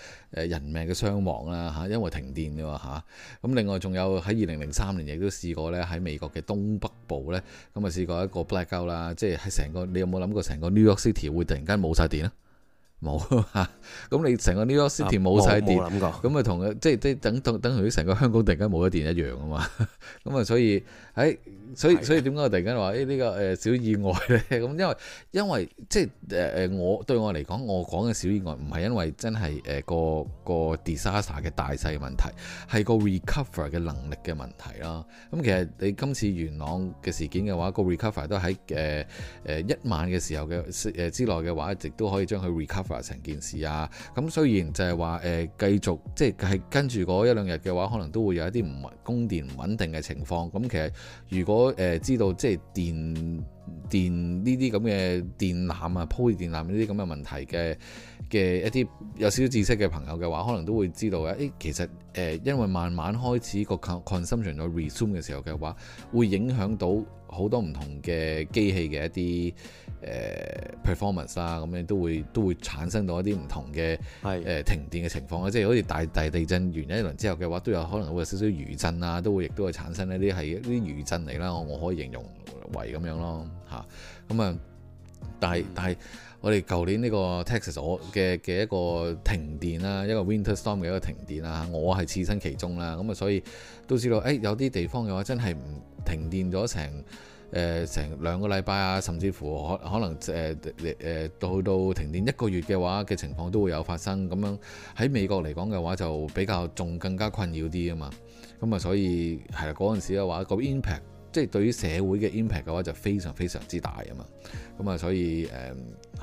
人命嘅傷亡啦嚇，因為停電嘅喎嚇。咁另外仲有喺二零零三年亦都試過咧，喺美國嘅東北部咧，咁啊試過一個 blackout 啦，即係喺成個你有冇諗過成個 New York City 會突然間冇晒電咧？冇啊，咁你成個 New York City 冇晒電咁啊同佢，即係即係等等同於成個香港突然間冇咗電一樣啊嘛，咁、嗯、啊所以喺、哎、所以所以點解我突然間話誒呢個誒、呃、小意外咧？咁、嗯、因為因為即係誒誒我對我嚟講我講嘅小意外唔係因為真係誒、呃、個個 disaster 嘅大細問題，係個 recover 嘅能力嘅問題啦。咁、嗯、其實你今次元朗嘅事件嘅話個 recover 都喺誒誒一晚嘅時候嘅誒、呃、之內嘅話一直都可以將佢 recover。成件事啊，咁雖然就係話，誒、呃，繼續，即係跟住嗰一兩日嘅話，可能都會有一啲唔穩供電唔穩定嘅情況，咁其實，如果誒、呃，知道即係電電呢啲咁嘅電纜啊、鋪電纜呢啲咁嘅問題嘅嘅一啲有少少知識嘅朋友嘅話，可能都會知道咧。誒、欸，其實，誒、呃，因為慢慢開始、這個 consumption 在 resume 嘅時候嘅話，會影響到好多唔同嘅機器嘅一啲。誒、呃、performance 啊，咁樣都會都會產生到一啲唔同嘅誒、呃、停電嘅情況啦，是即係好似大大地震完一輪之後嘅話，都有可能會有少少餘震啊，都會亦都會產生一啲係一啲餘震嚟啦，我我可以形容為咁樣咯嚇。咁啊，但係但係我哋舊年呢個 Texas 嘅嘅一個停電啦，一個 Winter Storm 嘅一個停電啦，我係置身其中啦，咁啊所以都知道誒、哎、有啲地方嘅話真係唔停電咗成誒成、呃、兩個禮拜啊，甚至乎可可能誒誒、呃呃、到到停電一個月嘅話嘅情況都會有發生，咁樣喺美國嚟講嘅話就比較仲更加困擾啲啊嘛，咁、嗯、啊所以係啦，嗰陣時嘅話、個 impact。即係對於社會嘅 impact 嘅話，就非常非常之大啊嘛。咁、嗯、啊，所以誒係、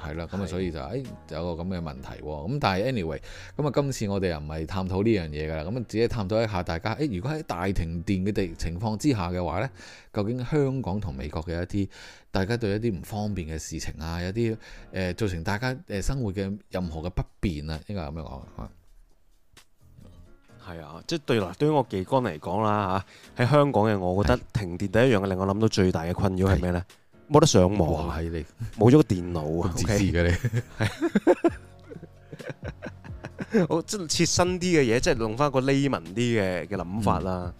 嗯、啦，咁啊的、嗯，所以就誒、哎、有個咁嘅問題喎、啊。咁但係 anyway，咁、嗯、啊，今次我哋又唔係探討呢樣嘢㗎啦。咁、嗯、啊，只係探討一下大家誒、哎，如果喺大停電嘅地情況之下嘅話呢，究竟香港同美國嘅一啲大家對一啲唔方便嘅事情啊，有啲誒、呃、造成大家誒生活嘅任何嘅不便啊，應該係咁樣講。係啊，即係對嗱，對於我技工嚟講啦吓，喺香港嘅，我覺得停電第一樣嘅令我諗到最大嘅困擾係咩咧？冇得上網，冇咗個電腦啊，無知嘅你。好，即係切身啲嘅嘢，即係弄翻個 layman 啲嘅嘅諗法啦。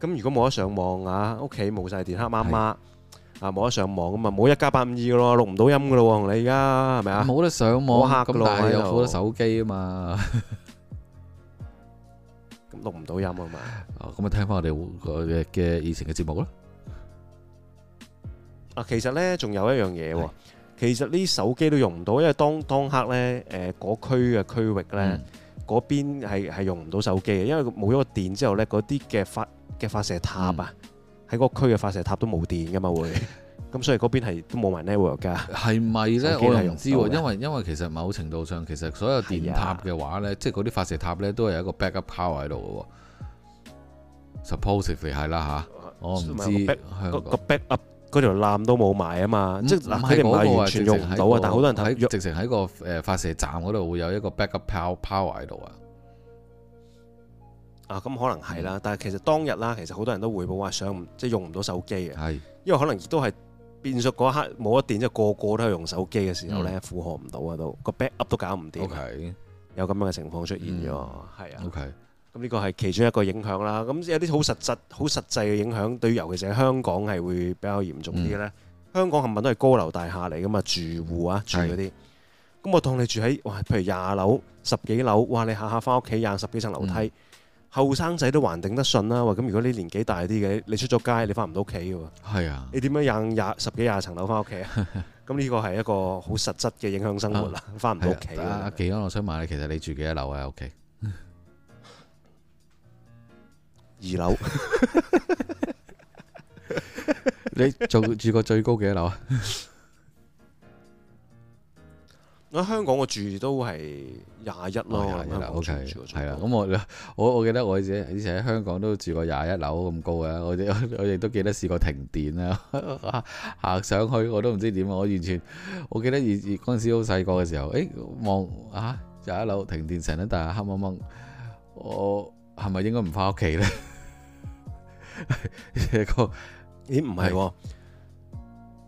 咁如果冇得上網啊，屋企冇晒電，黑麻麻啊，冇得上網咁啊，冇一家八五二噶咯，錄唔到音噶咯，你而家係咪啊？冇得上網，咁但係有好多手機啊嘛。錄唔到音啊嘛，咁咪聽翻我哋嘅以前嘅節目啦。啊，其實咧仲有一樣嘢，是其實呢手機都用唔到，因為當當刻咧，誒嗰區嘅區域咧，嗰邊係係用唔到手機嘅，因為冇咗個電之後咧，嗰啲嘅發嘅發射塔啊，喺嗰、嗯、個區嘅發射塔都冇電噶嘛會。 咁所以嗰邊係都冇埋 network 噶，係咪咧？我又唔知喎，因為因為其實某程度上其實所有電塔嘅話咧，的即係嗰啲發射塔咧都係有一個 backup power 喺度嘅喎。Supposedly 係啦吓？啊、以我唔知個 backup 港、那個、back 嗰條纜都冇埋啊嘛，嗯、即係嗱喺嗰個完全用唔到啊，但好多人喺直情喺個誒發射站嗰度會有一個 backup power power 喺度啊。啊，咁可能係啦，但係其實當日啦，其實好多人都回報話想，即係用唔到手機嘅，係的因為可能亦都係。變速嗰刻冇得電，即係個個都係用手機嘅時候呢，嗯、負荷唔到啊，都個 backup 都搞唔掂。Okay, 有咁樣嘅情況出現咗，係啊、嗯。咁呢個係其中一個影響啦。咁有啲好實質、好實際嘅影響，對，尤其是香港係會比較嚴重啲呢、嗯、香港冚唪唥都係高樓大廈嚟㗎嘛，住戶啊住嗰啲。咁、嗯、我當你住喺哇，譬如廿樓、十幾樓，哇，你下下返屋企廿十幾層樓梯。嗯。後生仔都還頂得順啦，咁如果你年紀大啲嘅，你出咗街你返唔到屋企嘅喎，係啊，你點樣行十幾廿層樓返屋企啊？咁呢個係一個好實質嘅影響生活啊，返唔到屋企。阿奇以我想問你，其實你住幾多樓喺屋企？二樓，你仲住過最高幾多樓啊？ 喺香港，我住都係廿一咯。廿一樓，OK，係啦。咁我我我記得我自己以前喺香港都住過廿一樓咁高嘅，我我亦都記得試過停電啊，行 上去我都唔知點，我完全，我記得以嗰陣時好細個嘅時候，誒、欸，望啊廿一樓停電成啦，大係黑掹掹，我係咪應該唔翻屋企咧？一 個咦唔係喎？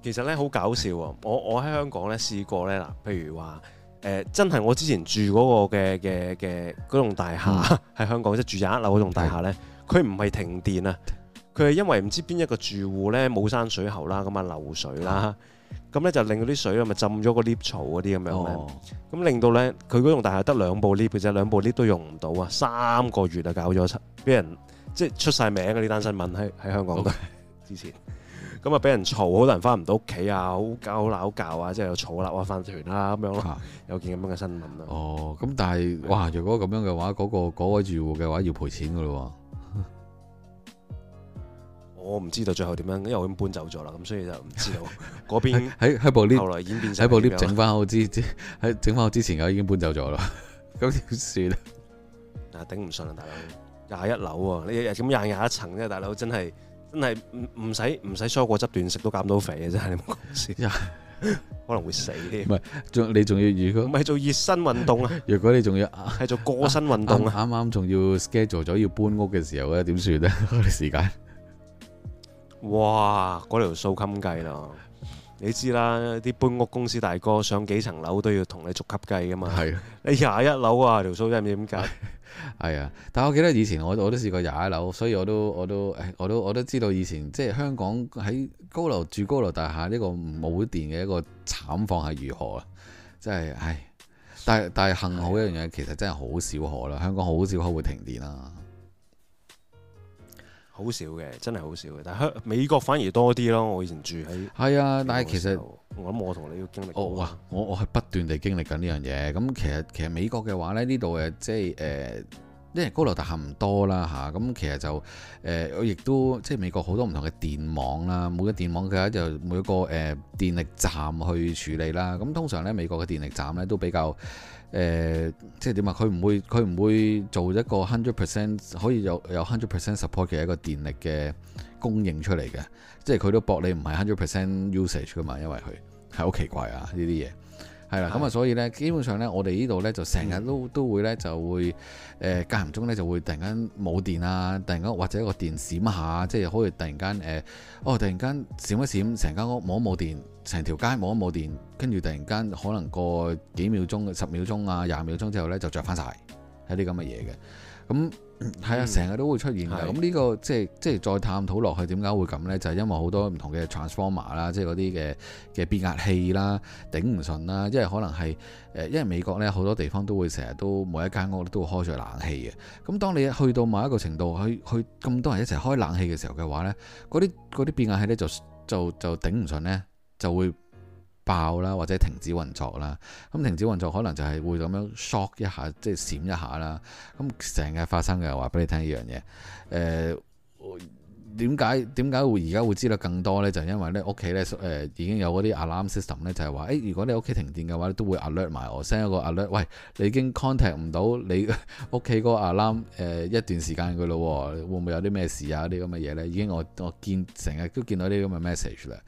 其實咧好搞笑啊！我我喺香港咧試過咧嗱，譬如話誒、呃，真係我之前住嗰個嘅嘅嘅嗰棟大廈喺、嗯、 香港即、係、住廿一樓嗰棟大廈咧，佢唔係停電啊，佢係因為唔知邊一個住戶咧冇閂水喉啦，咁啊漏水啦，咁咧、嗯、就令到啲水啊咪浸咗個 lift 槽嗰啲咁樣咧，咁令到咧佢嗰棟大廈得兩部 lift 嘅啫，兩部 lift 都用唔到啊，三個月啊搞咗出，俾人即係出晒名嘅呢單新聞喺喺香港度、嗯、之前。 咁啊，俾人嘈，好多人翻唔到屋企啊，好搞，好鬧，教啊，即係又嘈鬧翻團啦，咁樣咯，有見咁樣嘅新聞啊。哦，咁但係，哇！如果咁樣嘅話，嗰個嗰位住戶嘅話要賠錢嘅咯喎。我唔知道最後點樣，因為我已經搬走咗啦，咁所以就唔知道嗰邊喺喺部 lift 後來已經變成喺部 lift 整翻我之之喺整翻我之前已經搬走咗啦。咁點算啊？頂唔順啊！大佬廿一樓喎，你日日咁廿廿一層咧，大佬真係～真係唔唔使唔使蔬果汁斷食都減到肥啊！真係，可能會死添。唔係，仲你仲要如果唔係做熱身運動啊？如果你仲要係做過身運動啊？啱啱仲要 schedule 咗要搬屋嘅時候咧，點算咧？時間？哇！嗰條數襟計囉，你知啦，啲搬屋公司大哥上幾層樓都要同你逐級計噶嘛。係。你廿一樓啊，條數真係唔知點計。係啊，但係我記得以前我我都試過廿一樓，所以我都我都誒我都我都知道以前即係香港喺高樓住高樓大廈呢個冇電嘅一個慘況係如何啊！真係唉，但係但係幸好一樣嘢，的其實真係好少可啦，香港好少可會停電啦。好少嘅，真係好少嘅。但係美國反而多啲咯。我以前住喺係啊，但係其實我諗我同你要經歷、哦，我我係不斷地經歷緊呢樣嘢。咁、嗯、其實其實美國嘅話咧，呢度誒即係誒，因為高樓大廈唔多啦嚇。咁、啊嗯、其實就誒，我、呃、亦都即係美國好多唔同嘅電網啦。每個電網佢喺就每一個誒、呃、電力站去處理啦。咁、嗯、通常咧美國嘅電力站咧都比較。誒、呃，即係點啊？佢唔會，佢唔會做一個 hundred percent 可以有有 hundred percent support 嘅一個電力嘅供應出嚟嘅。即係佢都搏你唔係 hundred percent usage 噶嘛，因為佢係好奇怪啊呢啲嘢。係啦，咁啊，所以咧，基本上咧，我哋呢度咧就成日都都會咧就會誒間唔中咧就會突然間冇電啊，突然間或者一個電閃一下，即係可以突然間誒哦、呃，突然間閃一閃，成間屋冇一冇電，成條街冇一冇電，跟住突然間可能過幾秒鐘、十秒鐘啊、廿秒鐘之後呢，就着翻晒。一啲咁嘅嘢嘅。咁係啊，成日都會出現嘅。咁呢、嗯呢個即係即係再探討落去，點解會咁呢？就係、是、因為好多唔同嘅 transformer 啦，即係嗰啲嘅嘅變壓器啦，頂唔順啦。因為可能係誒，因為美國呢好多地方都會成日都每一間屋都會開著冷氣嘅。咁當你去到某一個程度，去去咁多人一齊開冷氣嘅時候嘅話呢，嗰啲啲變壓器呢就就就就頂唔順呢。就會爆啦，或者停止運作啦。咁停止運作可能就係會咁樣 shock 一下，即係閃一下啦。咁成日發生嘅，話俾你聽呢樣嘢。誒點解點解會而家會知道更多呢？就係、因為呢屋企呢誒已經有嗰啲 alarm system 呢就係話誒，如果你屋企停電嘅話，都會 alert 埋我，send 一個 alert，喂，你已經 contact 唔到你屋企嗰個 alarm，誒、呃、一段時間㗎咯，會唔會有啲咩事啊？啲咁嘅嘢呢？已經我我見成日都見到啲咁嘅 message 嘞。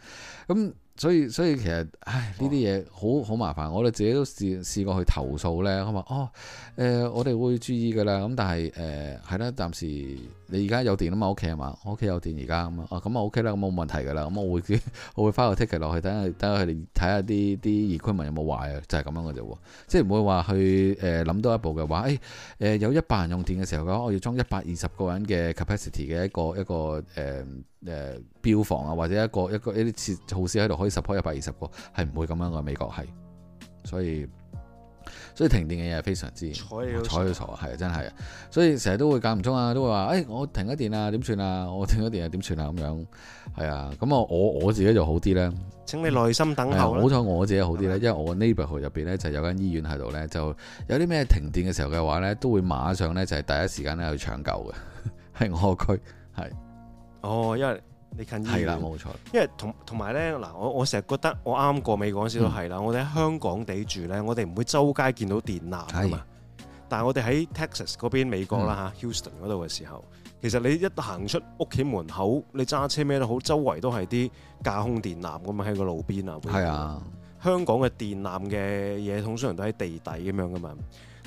咁所以所以其實，唉呢啲嘢好好麻煩，我哋自己都試試過去投訴咧、哦呃。我話哦，誒我哋會注意噶啦。咁但係誒係啦，暫、呃、時。你而家有電啊嘛？屋企係嘛？屋企有電而家咁啊？咁啊 OK 啦，咁冇問題㗎啦。咁我會， 我會翻個 ticket 落去，等下等下佢哋睇下啲啲熱區民有冇壞啊！就係、是、咁樣嘅啫喎，即係唔會話去誒諗、呃、多一步嘅話，誒、哎、誒、呃、有一百人用電嘅時候咁，我要裝一百二十個人嘅 capacity 嘅一個一個誒誒、呃、標房啊，或者一個一個一啲設措施喺度可以 support 一百二十個，係唔會咁樣嘅、啊。美國係，所以。所以停電嘅嘢係非常之，睬佢傻係真係，所以成日都會間唔中啊，都會話誒、哎，我停咗電啊，點算啊？我停咗電啊，點算啊？咁樣係啊，咁啊，我我自己就好啲咧。請你耐心等候。好彩我自己好啲咧，吧因為我 neighborhood 入邊咧就有間醫院喺度咧，就有啲咩停電嘅時候嘅話咧，都會馬上咧就係、是、第一時間咧去搶救嘅，喺 我個區係。哦，因為。你近醫院係啦，冇錯的。因為同同埋咧，嗱，我我成日覺得，我啱過美國嗰時都係啦。嗯、我哋喺香港地住咧，我哋唔會周街見到電纜噶嘛。是的 但係我哋喺 Texas 嗰邊美國啦嚇、嗯、Houston 嗰度嘅時候，其實你一行出屋企門口，你揸車咩都好，周圍都係啲架空電纜咁嘛。喺個路邊啊。係啊，是的 香港嘅電纜嘅嘢通常都喺地底咁樣噶嘛。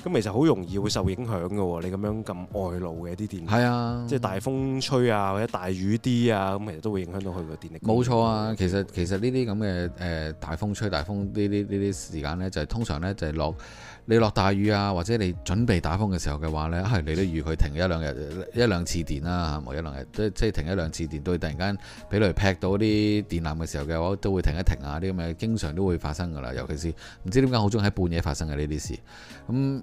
咁其實好容易會受影響嘅喎，你咁樣咁外露嘅一啲電纜，啊，即係大風吹啊或者大雨啲啊，咁其實都會影響到佢個電力。冇錯啊，其實其實呢啲咁嘅誒大風吹大風呢啲呢啲時間呢，就係、是、通常呢，就係、是、落你落大雨啊，或者你準備打風嘅時候嘅話呢，係、啊、你都預佢停一兩日一兩次電啦、啊，嚇冇一兩日即係、就是、停一兩次電，都會突然間俾雷劈到啲電纜嘅時候嘅話，都會停一停啊啲咁嘅，經常都會發生噶啦，尤其是唔知點解好鍾意喺半夜發生嘅呢啲事，咁、嗯。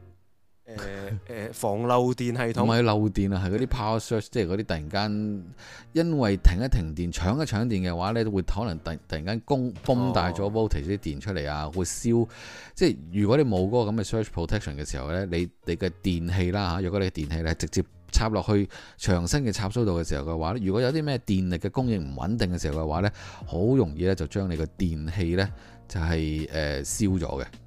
誒、呃、防漏電系統唔係、嗯、漏電啊，係嗰啲 power surge，即係嗰啲突然間因為停一停電、搶一搶電嘅話咧，會可能突突然間攻崩大咗 voltage 啲電出嚟啊，會燒。哦、即係如果你冇嗰個咁嘅 surge protection 嘅時候呢，你你嘅電器啦吓，如果你嘅電器呢直接插落去長身嘅插蘇度嘅時候嘅話咧，如果有啲咩電力嘅供應唔穩定嘅時候嘅話呢，好容易呢就將你嘅電器呢就係誒燒咗嘅。呃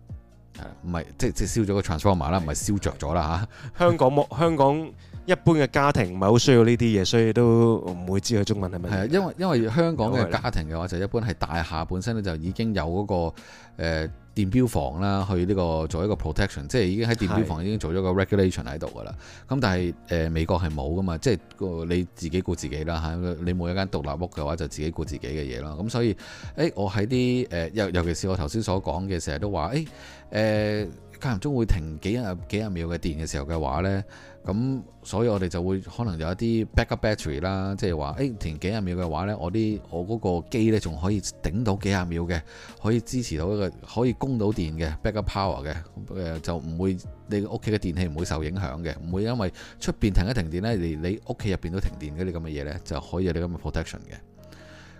唔係即即燒咗個 transformer 啦，唔係燒着咗啦吓。 香港冇香港一般嘅家庭唔係好需要呢啲嘢，所以都唔會知佢中文係咩？係啊，因為因為香港嘅家庭嘅話就一般係大廈本身咧就已經有嗰、嗰個誒。呃電表房啦、這個，去呢個做一個 protection，即係已經喺電表房已經做咗個 regulation 喺度噶啦。咁的但係誒、呃、美國係冇噶嘛，即係個、呃、你自己顧自己啦嚇、啊。你每一間獨立屋嘅話就自己顧自己嘅嘢啦。咁、嗯、所以誒、欸，我喺啲誒，尤尤其是我頭先所講嘅，成日都話誒誒。欸呃嗯間中會停幾廿幾廿秒嘅電嘅時候嘅話呢，咁所以我哋就會可能有一啲 backup battery 啦，即係話，誒、欸、停幾廿秒嘅話呢，我啲我嗰個機呢仲可以頂到幾廿秒嘅，可以支持到一個可以供到電嘅 backup power 嘅，誒、呃、就唔會你屋企嘅電器唔會受影響嘅，唔會因為出邊停一停電呢，你你屋企入邊都停電嗰啲咁嘅嘢呢，就可以有啲咁嘅 protection 嘅。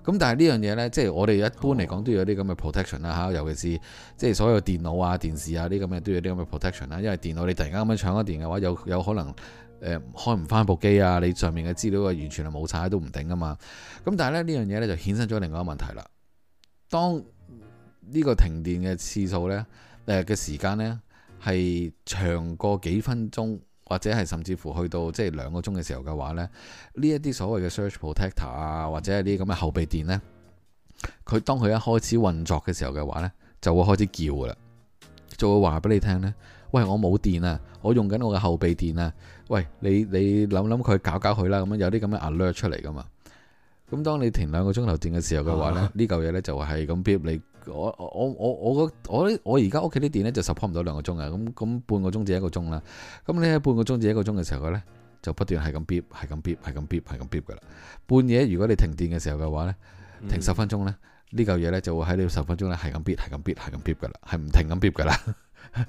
咁但係呢樣嘢呢，即係我哋一般嚟講都要有啲咁嘅 protection 啦，吓，尤其是即係所有電腦啊、電視啊呢咁嘅，都要有啲咁嘅 protection 啦。因為電腦你突然間咁樣搶咗電嘅話，有有可能誒、呃、開唔翻部機啊，你上面嘅資料啊完全係冇晒都唔定噶嘛。咁但係呢呢樣嘢呢，就衍生咗另外一個問題啦。當呢個停電嘅次數呢，誒、呃、嘅時間呢，係長過幾分鐘。或者係甚至乎去到即係兩個鐘嘅時候嘅話呢，呢一啲所謂嘅 search protector 啊，或者係啲咁嘅後備電呢，佢當佢一開始運作嘅時候嘅話呢，就會開始叫噶啦，就會話俾你聽咧。喂，我冇電啊，我用緊我嘅後備電啊。喂，你你諗諗佢搞搞佢啦，咁樣有啲咁嘅 alert 出嚟噶嘛。咁當你停兩個鐘頭電嘅時候嘅話、啊、呢，呢嚿嘢呢就會係、是、咁你。我我我我我我而家屋企啲電咧就 support 唔到兩個鐘啊！咁咁半個鐘至一個鐘啦。咁你喺半個鐘至一個鐘嘅時候咧，就不斷係咁 biip，係咁 biip，係咁 biip，係咁 biip 噶啦。半夜如果你停電嘅時候嘅話咧，停十分鐘咧，呢嚿嘢咧就會喺你十分鐘咧係咁 biip，係咁 biip，係咁 biip 噶啦，係唔停咁 biip 噶啦。呢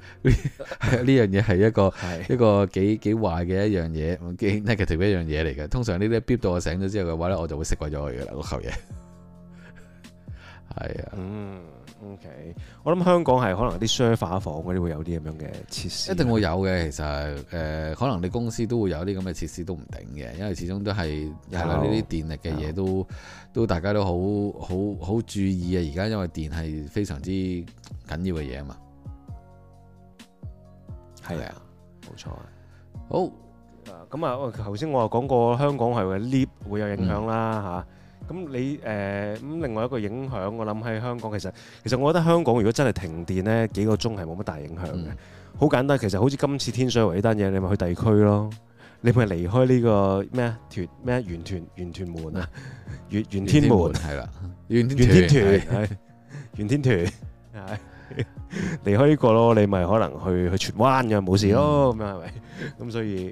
樣嘢係一個 一個幾幾壞嘅一樣嘢，幾 negative 一樣嘢嚟嘅。通常呢啲 biip 到我醒咗之後嘅話咧，我就會食鬼咗佢噶啦，嗰嚿嘢。係啊，嗯，OK，我諗香港係可能啲 server 房嗰啲會有啲咁樣嘅設施，一定會有嘅。其實，誒、呃，可能你公司都會有啲咁嘅設施都唔定嘅，因為始終都係，係啦，呢啲電力嘅嘢都、哦、都大家都好好好注意啊！而家因為電係非常之緊要嘅嘢啊嘛，係啊，冇錯啊，好咁吧啊，我頭先我又講過香港係會 lift 會有影響啦，吓、嗯。嗯咁你誒，咁另外一個影響，我諗喺香港其實其實我覺得香港如果真係停電呢幾個鐘係冇乜大影響嘅。好簡單，其實好似今次天水圍呢單嘢，你咪去地區咯，你咪離開呢個咩團咩元屯元屯門啊，元元天屯係啦，元天屯係元天屯係離開呢個咯，你咪可能去去荃灣嘅冇事咯咁樣係咪？咁所以。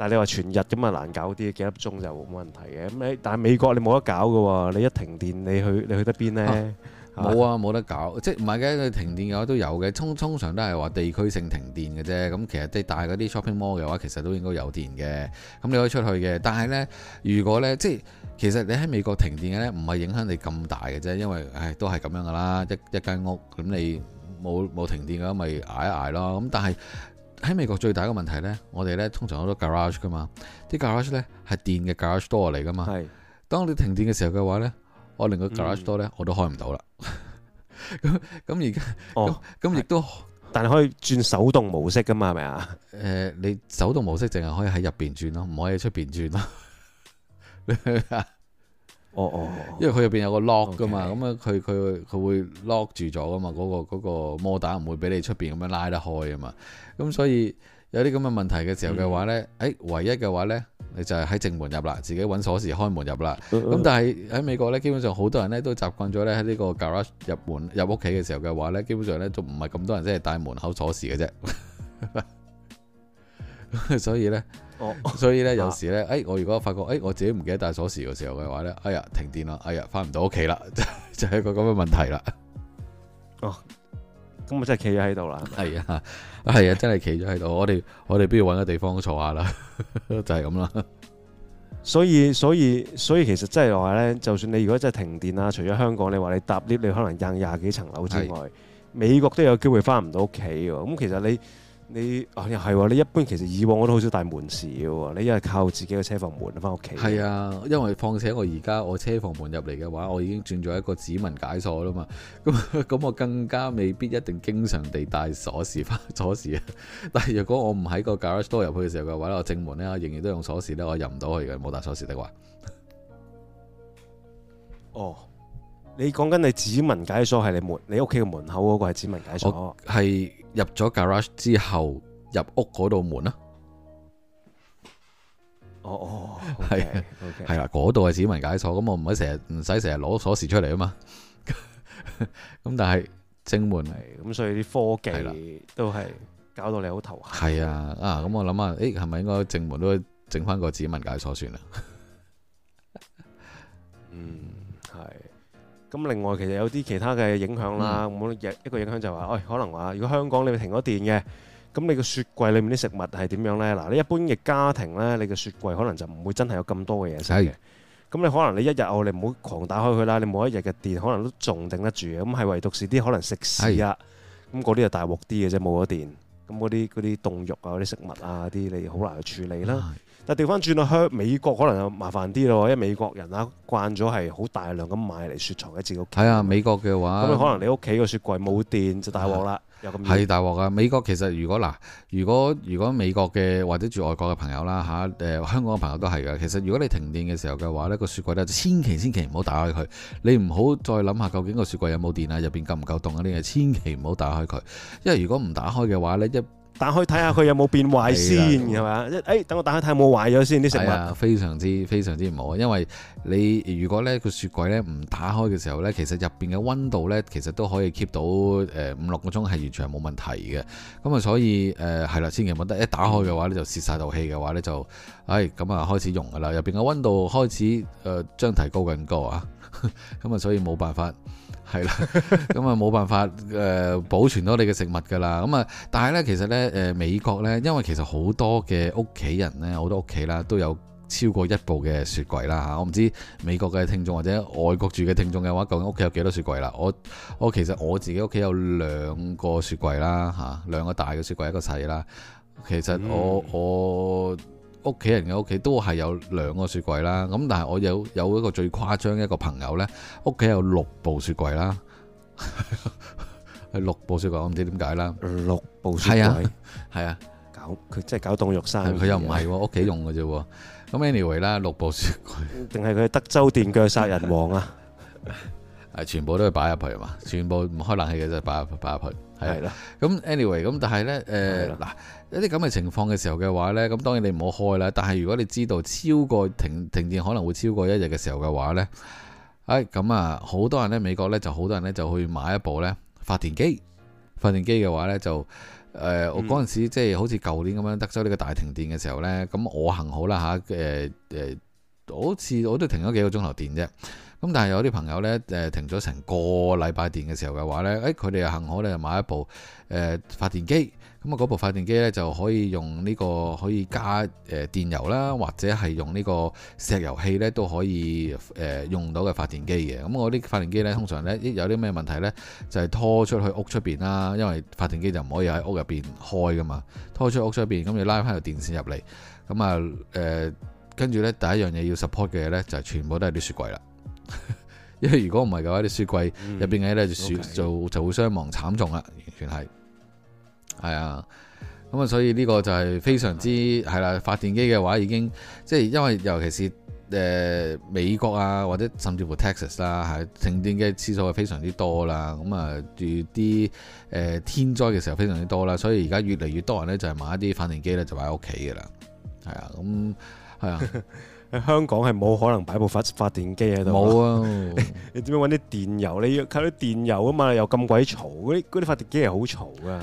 但係你話全日咁啊難搞啲，幾粒鐘就冇問題嘅。咁誒，但係美國你冇得搞㗎喎，你一停電你去你去得邊呢？冇啊，冇得搞，即係唔係嘅？停電嘅話都有嘅，通通常都係話地區性停電嘅啫。咁其實啲大嗰啲 shopping mall 嘅話，其實都應該有電嘅，咁你可以出去嘅。但係呢，如果呢即係其實你喺美國停電嘅呢，唔係影響你咁大嘅啫，因為誒都係咁樣㗎啦，一一間屋咁你冇冇停電嘅話咪捱一捱咯。咁但係。喺美國最大嘅問題咧，我哋咧通常好多 garage 噶嘛，啲 garage 咧係電嘅 garage door 嚟噶嘛。係是。當你停電嘅時候嘅話咧，我連個 garage door 咧我都開唔到啦。咁咁而家哦，咁亦都，但係可以轉手動模式噶嘛？係咪啊？誒、呃，你手動模式淨係可以喺入邊轉咯，唔可以喺出邊轉咯、 哦。哦哦，因為佢入邊有個 lock 噶嘛，咁啊佢佢佢會 lock 住咗噶嘛。嗰、那個摩打唔會俾你出邊咁樣拉得開啊嘛。咁所以有啲咁嘅問題嘅時候嘅話呢，誒、哎，唯一嘅話呢，你就係喺正門入啦，自己揾鎖匙開門入啦。咁、嗯、但係喺美國呢，基本上好多人呢都習慣咗呢，喺呢個 garage 入門入屋企嘅時候嘅話呢，基本上呢都唔係咁多人即係帶門口鎖匙嘅啫。 所以咧，所以呢，有時咧，誒，我如果發覺誒、哎、我自己唔記得帶鎖匙嘅時候嘅話呢，哎呀停電啦，哎呀翻唔到屋企啦， 就係一個咁嘅問題啦。哦，咁我真係企喺度啦。係啊。係啊，真係企咗喺度。我哋我哋不如揾個地方坐下啦， 就係咁啦。所以所以所以，其實真係話呢，就算你如果真係停電啊，除咗香港，你話你搭 lift，你可能掟廿幾層樓之外，是的 美國都有機會翻唔到屋企喎。咁其實你。你啊，又係喎、啊！你一般，其實以往我都好少帶門匙嘅喎，你因為靠自己嘅車房門翻屋企。係啊，因為況且我而家我車房門入嚟嘅話，我已經轉咗一個指紋解鎖啦嘛。咁、嗯、咁、嗯嗯、我更加未必一定經常地帶鎖匙翻鎖匙啊。但係如果我唔喺個 garage door 入去嘅時候嘅話，我正門咧仍然都用鎖匙咧，我入唔到去嘅，冇帶鎖匙的話。哦、oh，你講緊你指紋解鎖係你門，你屋企嘅門口嗰個係指紋解鎖。係。入咗 garage 之後，入屋嗰度門啊！哦哦，係啊，係啦，嗰度係指紋解鎖，咁我唔使成日唔使成日攞鎖匙出嚟啊嘛。咁但係正門，咁所以啲科技都係搞到你好頭痕。係啊，啊咁我諗下，誒係咪應該正門都整翻個指紋解鎖算啦？嗯。咁另外其實有啲其他嘅影響啦，一、嗯、一個影響就話、是哎，可能話，如果香港你咪停咗電嘅，咁你個雪櫃裏面啲食物係點樣呢？嗱，你一般嘅家庭呢，你個雪櫃可能就唔會真係有咁多嘅嘢食。咁你可能你一日我哋唔好狂打開佢啦，你每一日嘅電可能都仲頂得住。咁係唯獨是啲可能食肆啊，咁嗰啲就大鑊啲嘅啫，冇咗電，咁嗰啲嗰啲凍肉啊、嗰啲食物啊啲，你好難去處理啦。掉翻轉去香美國可能又麻煩啲咯，因為美國人啦慣咗係好大量咁買嚟雪藏喺自己屋企。係啊，美國嘅話咁可能你屋企個雪櫃冇電就大鑊啦。的有咁係大鑊啊！美國其實如果嗱，如果如果美國嘅或者住外國嘅朋友啦嚇，誒、啊呃、香港嘅朋友都係嘅。其實如果你停電嘅時候嘅話呢個雪櫃咧，千祈千祈唔好打開佢。你唔好再諗下究竟個雪櫃有冇電啊，入邊夠唔夠凍啊啲嘢，千祈唔好打開佢。因為如果唔打開嘅話咧一打開睇下佢有冇變壞先，係嘛的？誒、哎，等我打開睇下冇壞咗先啲食物。係、哎、非常之非常之唔好，因為你如果咧個雪櫃咧唔打開嘅時候咧，其實入邊嘅溫度咧，其實都可以 keep 到誒五六個鐘係完全冇問題嘅。咁啊，所以誒係啦，千祈冇得一打開嘅話咧就泄晒道氣嘅話咧就，哎咁啊開始用噶啦，入邊嘅溫度開始誒、呃、將提高更高啊。咁啊，所以冇辦法。係啦，咁啊冇辦法誒保存到你嘅食物㗎啦。咁啊，但係呢，其實呢，誒美國呢，因為其實好多嘅屋企人呢，好多屋企啦，都有超過一部嘅雪櫃啦嚇。我唔知美國嘅聽眾或者外國住嘅聽眾嘅話，究竟屋企有幾多雪櫃啦？我我其實我自己屋企有兩個雪櫃啦嚇，兩個大嘅雪櫃，一個細啦。其實我我。屋企人嘅屋企都係有兩個雪櫃啦，咁但係我有有一個最誇張一個朋友咧，屋企有六部雪櫃啦，係 六部雪櫃，我唔知點解啦，六部雪櫃，係啊，係啊，搞佢即係搞凍肉生意，佢、啊、又唔係屋企用嘅啫，咁 anyway 啦，六部雪櫃，定係佢德州電鋸殺人王啊？係 全部都係擺入去啊嘛，全部唔開冷氣嘅就係擺入擺入去。係啦，咁 anyway，咁但係呢，誒、呃、嗱，一啲咁嘅情況嘅時候嘅話呢，咁當然你唔好開啦。但係如果你知道超過停停電可能會超過一日嘅時候嘅話呢，誒、哎、咁啊，好多人呢，美國呢就好多人呢，就去買一部呢發電機。發電機嘅話呢，就誒、呃，我嗰陣時即係、嗯、好似舊年咁樣德州呢個大停電嘅時候呢，咁我幸好啦嚇，誒、啊、誒、呃，好似我都停咗幾個鐘頭電啫。咁但係有啲朋友呢，誒、呃、停咗成個禮拜電嘅時候嘅話呢，誒佢哋又幸好你又買一部誒、呃、發電機。咁啊，嗰部發電機呢，就可以用呢、這個可以加誒、呃、電油啦，或者係用呢個石油氣呢，都可以誒、呃、用到嘅發電機嘅。咁我啲發電機呢，通常呢，一有啲咩問題呢，就係、是、拖出去屋出邊啦，因為發電機就唔可以喺屋入邊開㗎嘛，拖出屋出邊，咁要拉翻條電線入嚟。咁啊誒，跟、呃、住呢，第一樣嘢要 support 嘅嘢呢，就係、是、全部都係啲雪櫃啦。 因為如果唔係嘅話，啲雪櫃入邊嘅咧就就就會傷亡慘重啦，完全係，係啊，咁啊，所以呢個就係非常之係啦、oh. 啊。發電機嘅話已經即係，因為尤其是誒、呃、美國啊，或者甚至乎 Texas 啊，係、啊、停電嘅次數係非常之多啦。咁啊，住啲誒天災嘅時候非常之多啦，所以而家越嚟越多人咧就係、是、買一啲發電機咧，就喺屋企嘅啦，係啊，咁、嗯、係啊。 喺香港係冇可能擺部發發電機喺度。冇啊！ 你點樣揾啲電油？你要靠啲電油啊嘛！又咁鬼嘈，嗰啲啲發電機係好嘈㗎。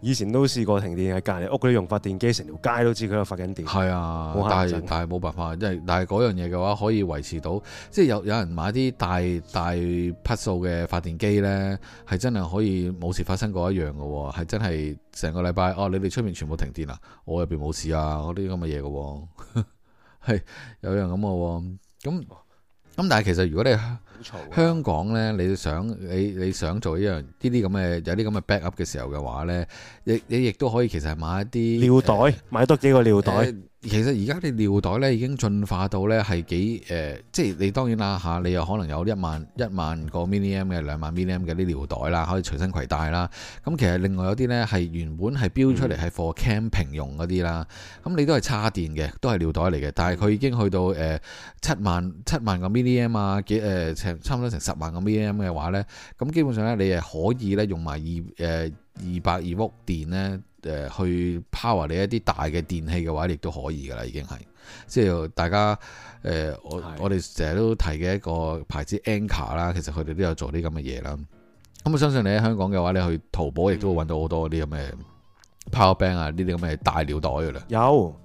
以前都試過停電，喺隔離屋嗰啲用發電機，成條街都知佢度發緊電。係啊，但係但係冇辦法，即係但係嗰樣嘢嘅話，可以維持到，即係有有人買啲大大匹數嘅發電機咧，係真係可以冇事發生過一樣嘅喎，係真係成個禮拜哦！你哋出面全部停電啊，我入邊冇事啊，嗰啲咁嘅嘢嘅喎。 係有樣咁嘅喎，咁咁但係其實如果你香港呢，你想你你想做呢樣呢啲咁嘅有啲咁嘅 backup 嘅時候嘅話呢，你你亦都可以其實係買一啲尿袋，呃、買多幾個尿袋。呃其實而家啲尿袋咧已經進化到咧係幾誒、呃，即係你當然啦吓、啊，你又可能有一萬一萬個 milliamp 嘅、兩萬 milliamp 嘅啲尿袋啦，可以隨身攜帶啦。咁其實另外有啲咧係原本係標出嚟係 for camping 用嗰啲啦，咁你都係插電嘅，都係尿袋嚟嘅。但係佢已經去到誒七萬、呃、七萬個 milliamp 啊，幾誒、呃、差唔多成十萬個 milliamp 嘅話咧，咁基本上咧你誒可以咧用埋二誒二百二屋伏電咧。誒去 power 你一啲大嘅電器嘅話，亦都可以噶啦，已經係，即係大家誒、呃，我我哋成日都提嘅一個牌子 Anker 啦，or, 其實佢哋都有做啲咁嘅嘢啦。咁、嗯、我相信你喺香港嘅話，你去淘寶亦都會揾到好多啲咁嘅 power bank 啊，呢啲咁嘅大尿袋噶啦。有。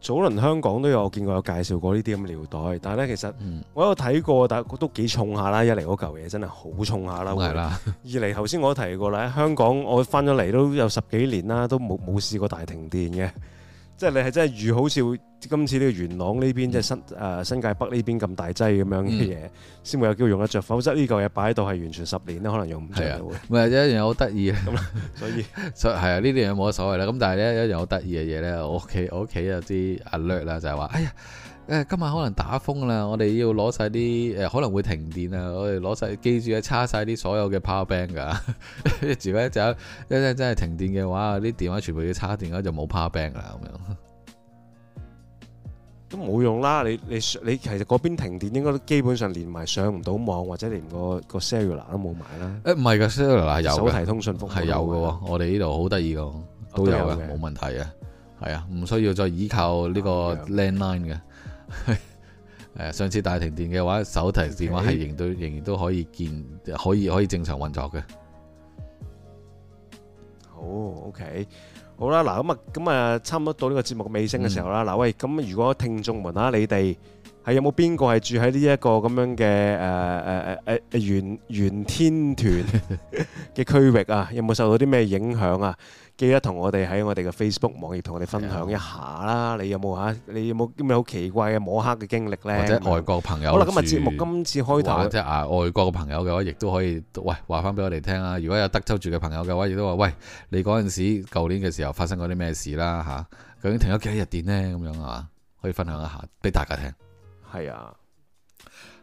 早輪香港都有見過有介紹過呢啲咁嘅尿袋，但係咧其實我有睇過，但係都幾重下啦。一嚟嗰嚿嘢真係好重下啦，嗯、二嚟頭先我都提過咧，香港我返咗嚟都有十幾年啦，都冇冇試過大停電嘅。即係你係真係遇好似今次呢個元朗呢邊即係、嗯、新誒、呃、新界北呢邊咁大劑咁樣嘅嘢，先、嗯、會有機會用得着。否則呢嚿嘢擺喺度係完全十年都可能用唔上嘅。唔係一樣好得意咧，咁 所以係啊，呢啲嘢冇乜所謂啦。咁但係咧，一樣好得意嘅嘢咧，我屋企我屋企有啲阿略啦，就係話哎呀～誒，今晚可能打風啦，我哋要攞晒啲誒，可能會停電啊。我哋攞晒，記住啊，叉晒啲所有嘅 power bank 噶。除 就一陣真係停電嘅話，啲電話全部要叉電，就冇 power bank 啦。咁樣都冇用啦。你你你其實嗰邊停電，應該都基本上連埋上唔到網，或者連個個 cellular 都冇埋啦。誒唔係、欸、噶 cellular 係有手提通訊服係有嘅的。我哋呢度好得意嘅都有嘅，冇問題嘅。係啊，唔需要再依靠呢個 landline 嘅。誒， 上次大停電嘅話，手提電話係仍都仍然都可以見，可以可以正常運作嘅。好，OK，好啦，嗱咁啊，咁啊，差唔多到呢個節目尾聲嘅時候啦。嗱、嗯，喂，咁如果聽眾們啊，你哋係有冇邊個係住喺呢一個咁樣嘅誒誒誒誒元元天屯嘅區域啊？有冇受到啲咩影響啊？記得同我哋喺我哋嘅 Facebook 網頁同我哋分享一下啦的！你有冇嚇？你有冇啲咩好奇怪嘅摸黑嘅經歷呢？或者外國朋友好啦，今日節目今次開頭，即外國嘅朋友嘅話，亦都可以喂話翻俾我哋聽啊。如果有德州住嘅朋友嘅話，亦都話喂，你嗰陣時舊年嘅時候發生過啲咩事啦？嚇、啊，究竟停咗幾多日電呢？」咁樣啊可以分享一下俾大家聽。係啊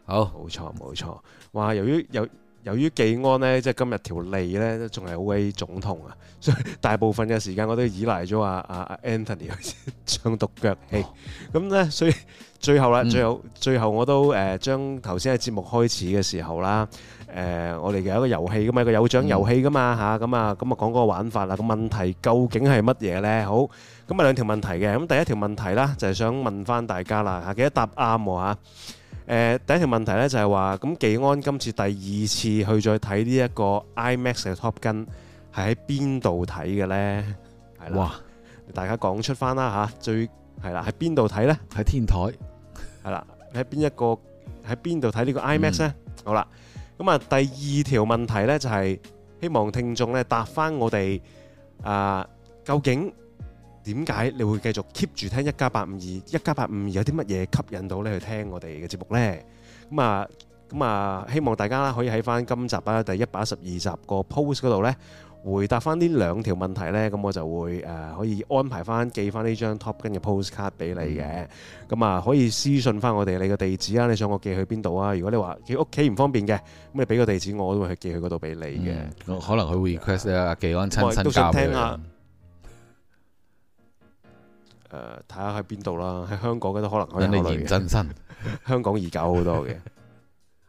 的，好冇錯冇錯，話由於有。由於記安咧，即係今日條脷咧都仲係好鬼腫痛啊，所以大部分嘅時間我都依賴咗阿阿阿 Anthony 嘅唱獨腳戲。咁咧，所以最後啦，最後最後我都誒將頭先喺節目開始嘅時候啦，誒我哋有一個遊戲咁啊，一個有獎遊戲噶嘛嚇，咁啊咁啊講嗰個玩法啦，個問題究竟係乜嘢咧？好，咁啊兩條問題嘅，咁第一條問題啦，就係想問翻大家啦，嚇記得答啱喎嚇？誒、呃、第一條問題咧就係話，咁紀安今次第二次去再睇呢一個 IMAX 嘅 Top Gun，係喺邊度睇嘅呢？係啦，哇大家講出翻啦嚇，最係啦，喺邊度睇呢？喺天台係啦，喺邊一個，喺邊度睇呢個 IMAX 呢？嗯、好啦，咁啊第二條問題呢，就係希望聽眾咧答翻我哋啊、呃，究竟？點解你會繼續 keep 住聽一加八五二？一加八五二有啲乜嘢吸引到你去聽我哋嘅節目呢？咁啊，咁啊，希望大家可以喺翻今集啊，第一百一十二集個 post 嗰度呢，回答翻呢兩條問題呢，咁我就會誒可以安排翻寄翻呢張 top 跟嘅 postcard 俾你嘅。咁啊，可以私信翻我哋你嘅地址啊，你想我寄去邊度啊？如果你話寄屋企唔方便嘅，咁你俾個地址我都會寄去嗰度俾你嘅。可能佢 request 咧，寄翻親親家嘅。都想聽啊！誒睇下喺邊度啦，喺香港嘅都可能可以，可能你現真身， 香港而家好多嘅，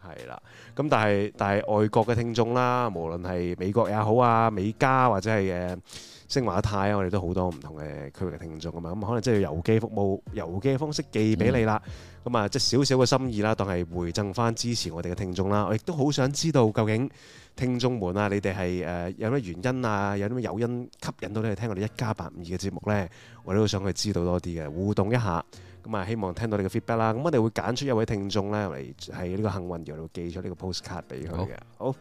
係啦。 咁但係但係外國嘅聽眾啦，無論係美國也好啊，美加或者係誒星華泰啊，我哋都好多唔同嘅區域嘅聽眾啊嘛。咁、嗯、可能即係要郵寄服務，郵寄嘅方式寄俾你啦。咁啊、嗯，即係少少嘅心意啦，當係回贈翻支持我哋嘅聽眾啦。我亦都好想知道究竟。聽眾們啊，你哋係誒有咩原因啊？有啲咩誘因吸引到你哋聽我哋一家八五二嘅節目呢？我都想去知道多啲嘅互動一下，咁啊希望聽到你嘅 feedback 啦。咁我哋會揀出一位聽眾呢嚟喺呢個幸運羊度寄咗呢個 postcard 俾佢嘅。好，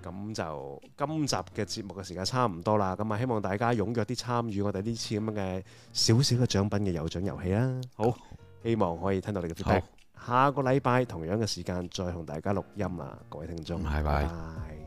咁就今集嘅節目嘅時間差唔多啦。咁啊希望大家踴躍啲參與我哋呢次咁樣嘅少少嘅獎品嘅有獎遊戲啦。好，希望可以聽到你嘅 feedback。下個禮拜同樣嘅時間再同大家錄音啊，各位聽眾，拜拜。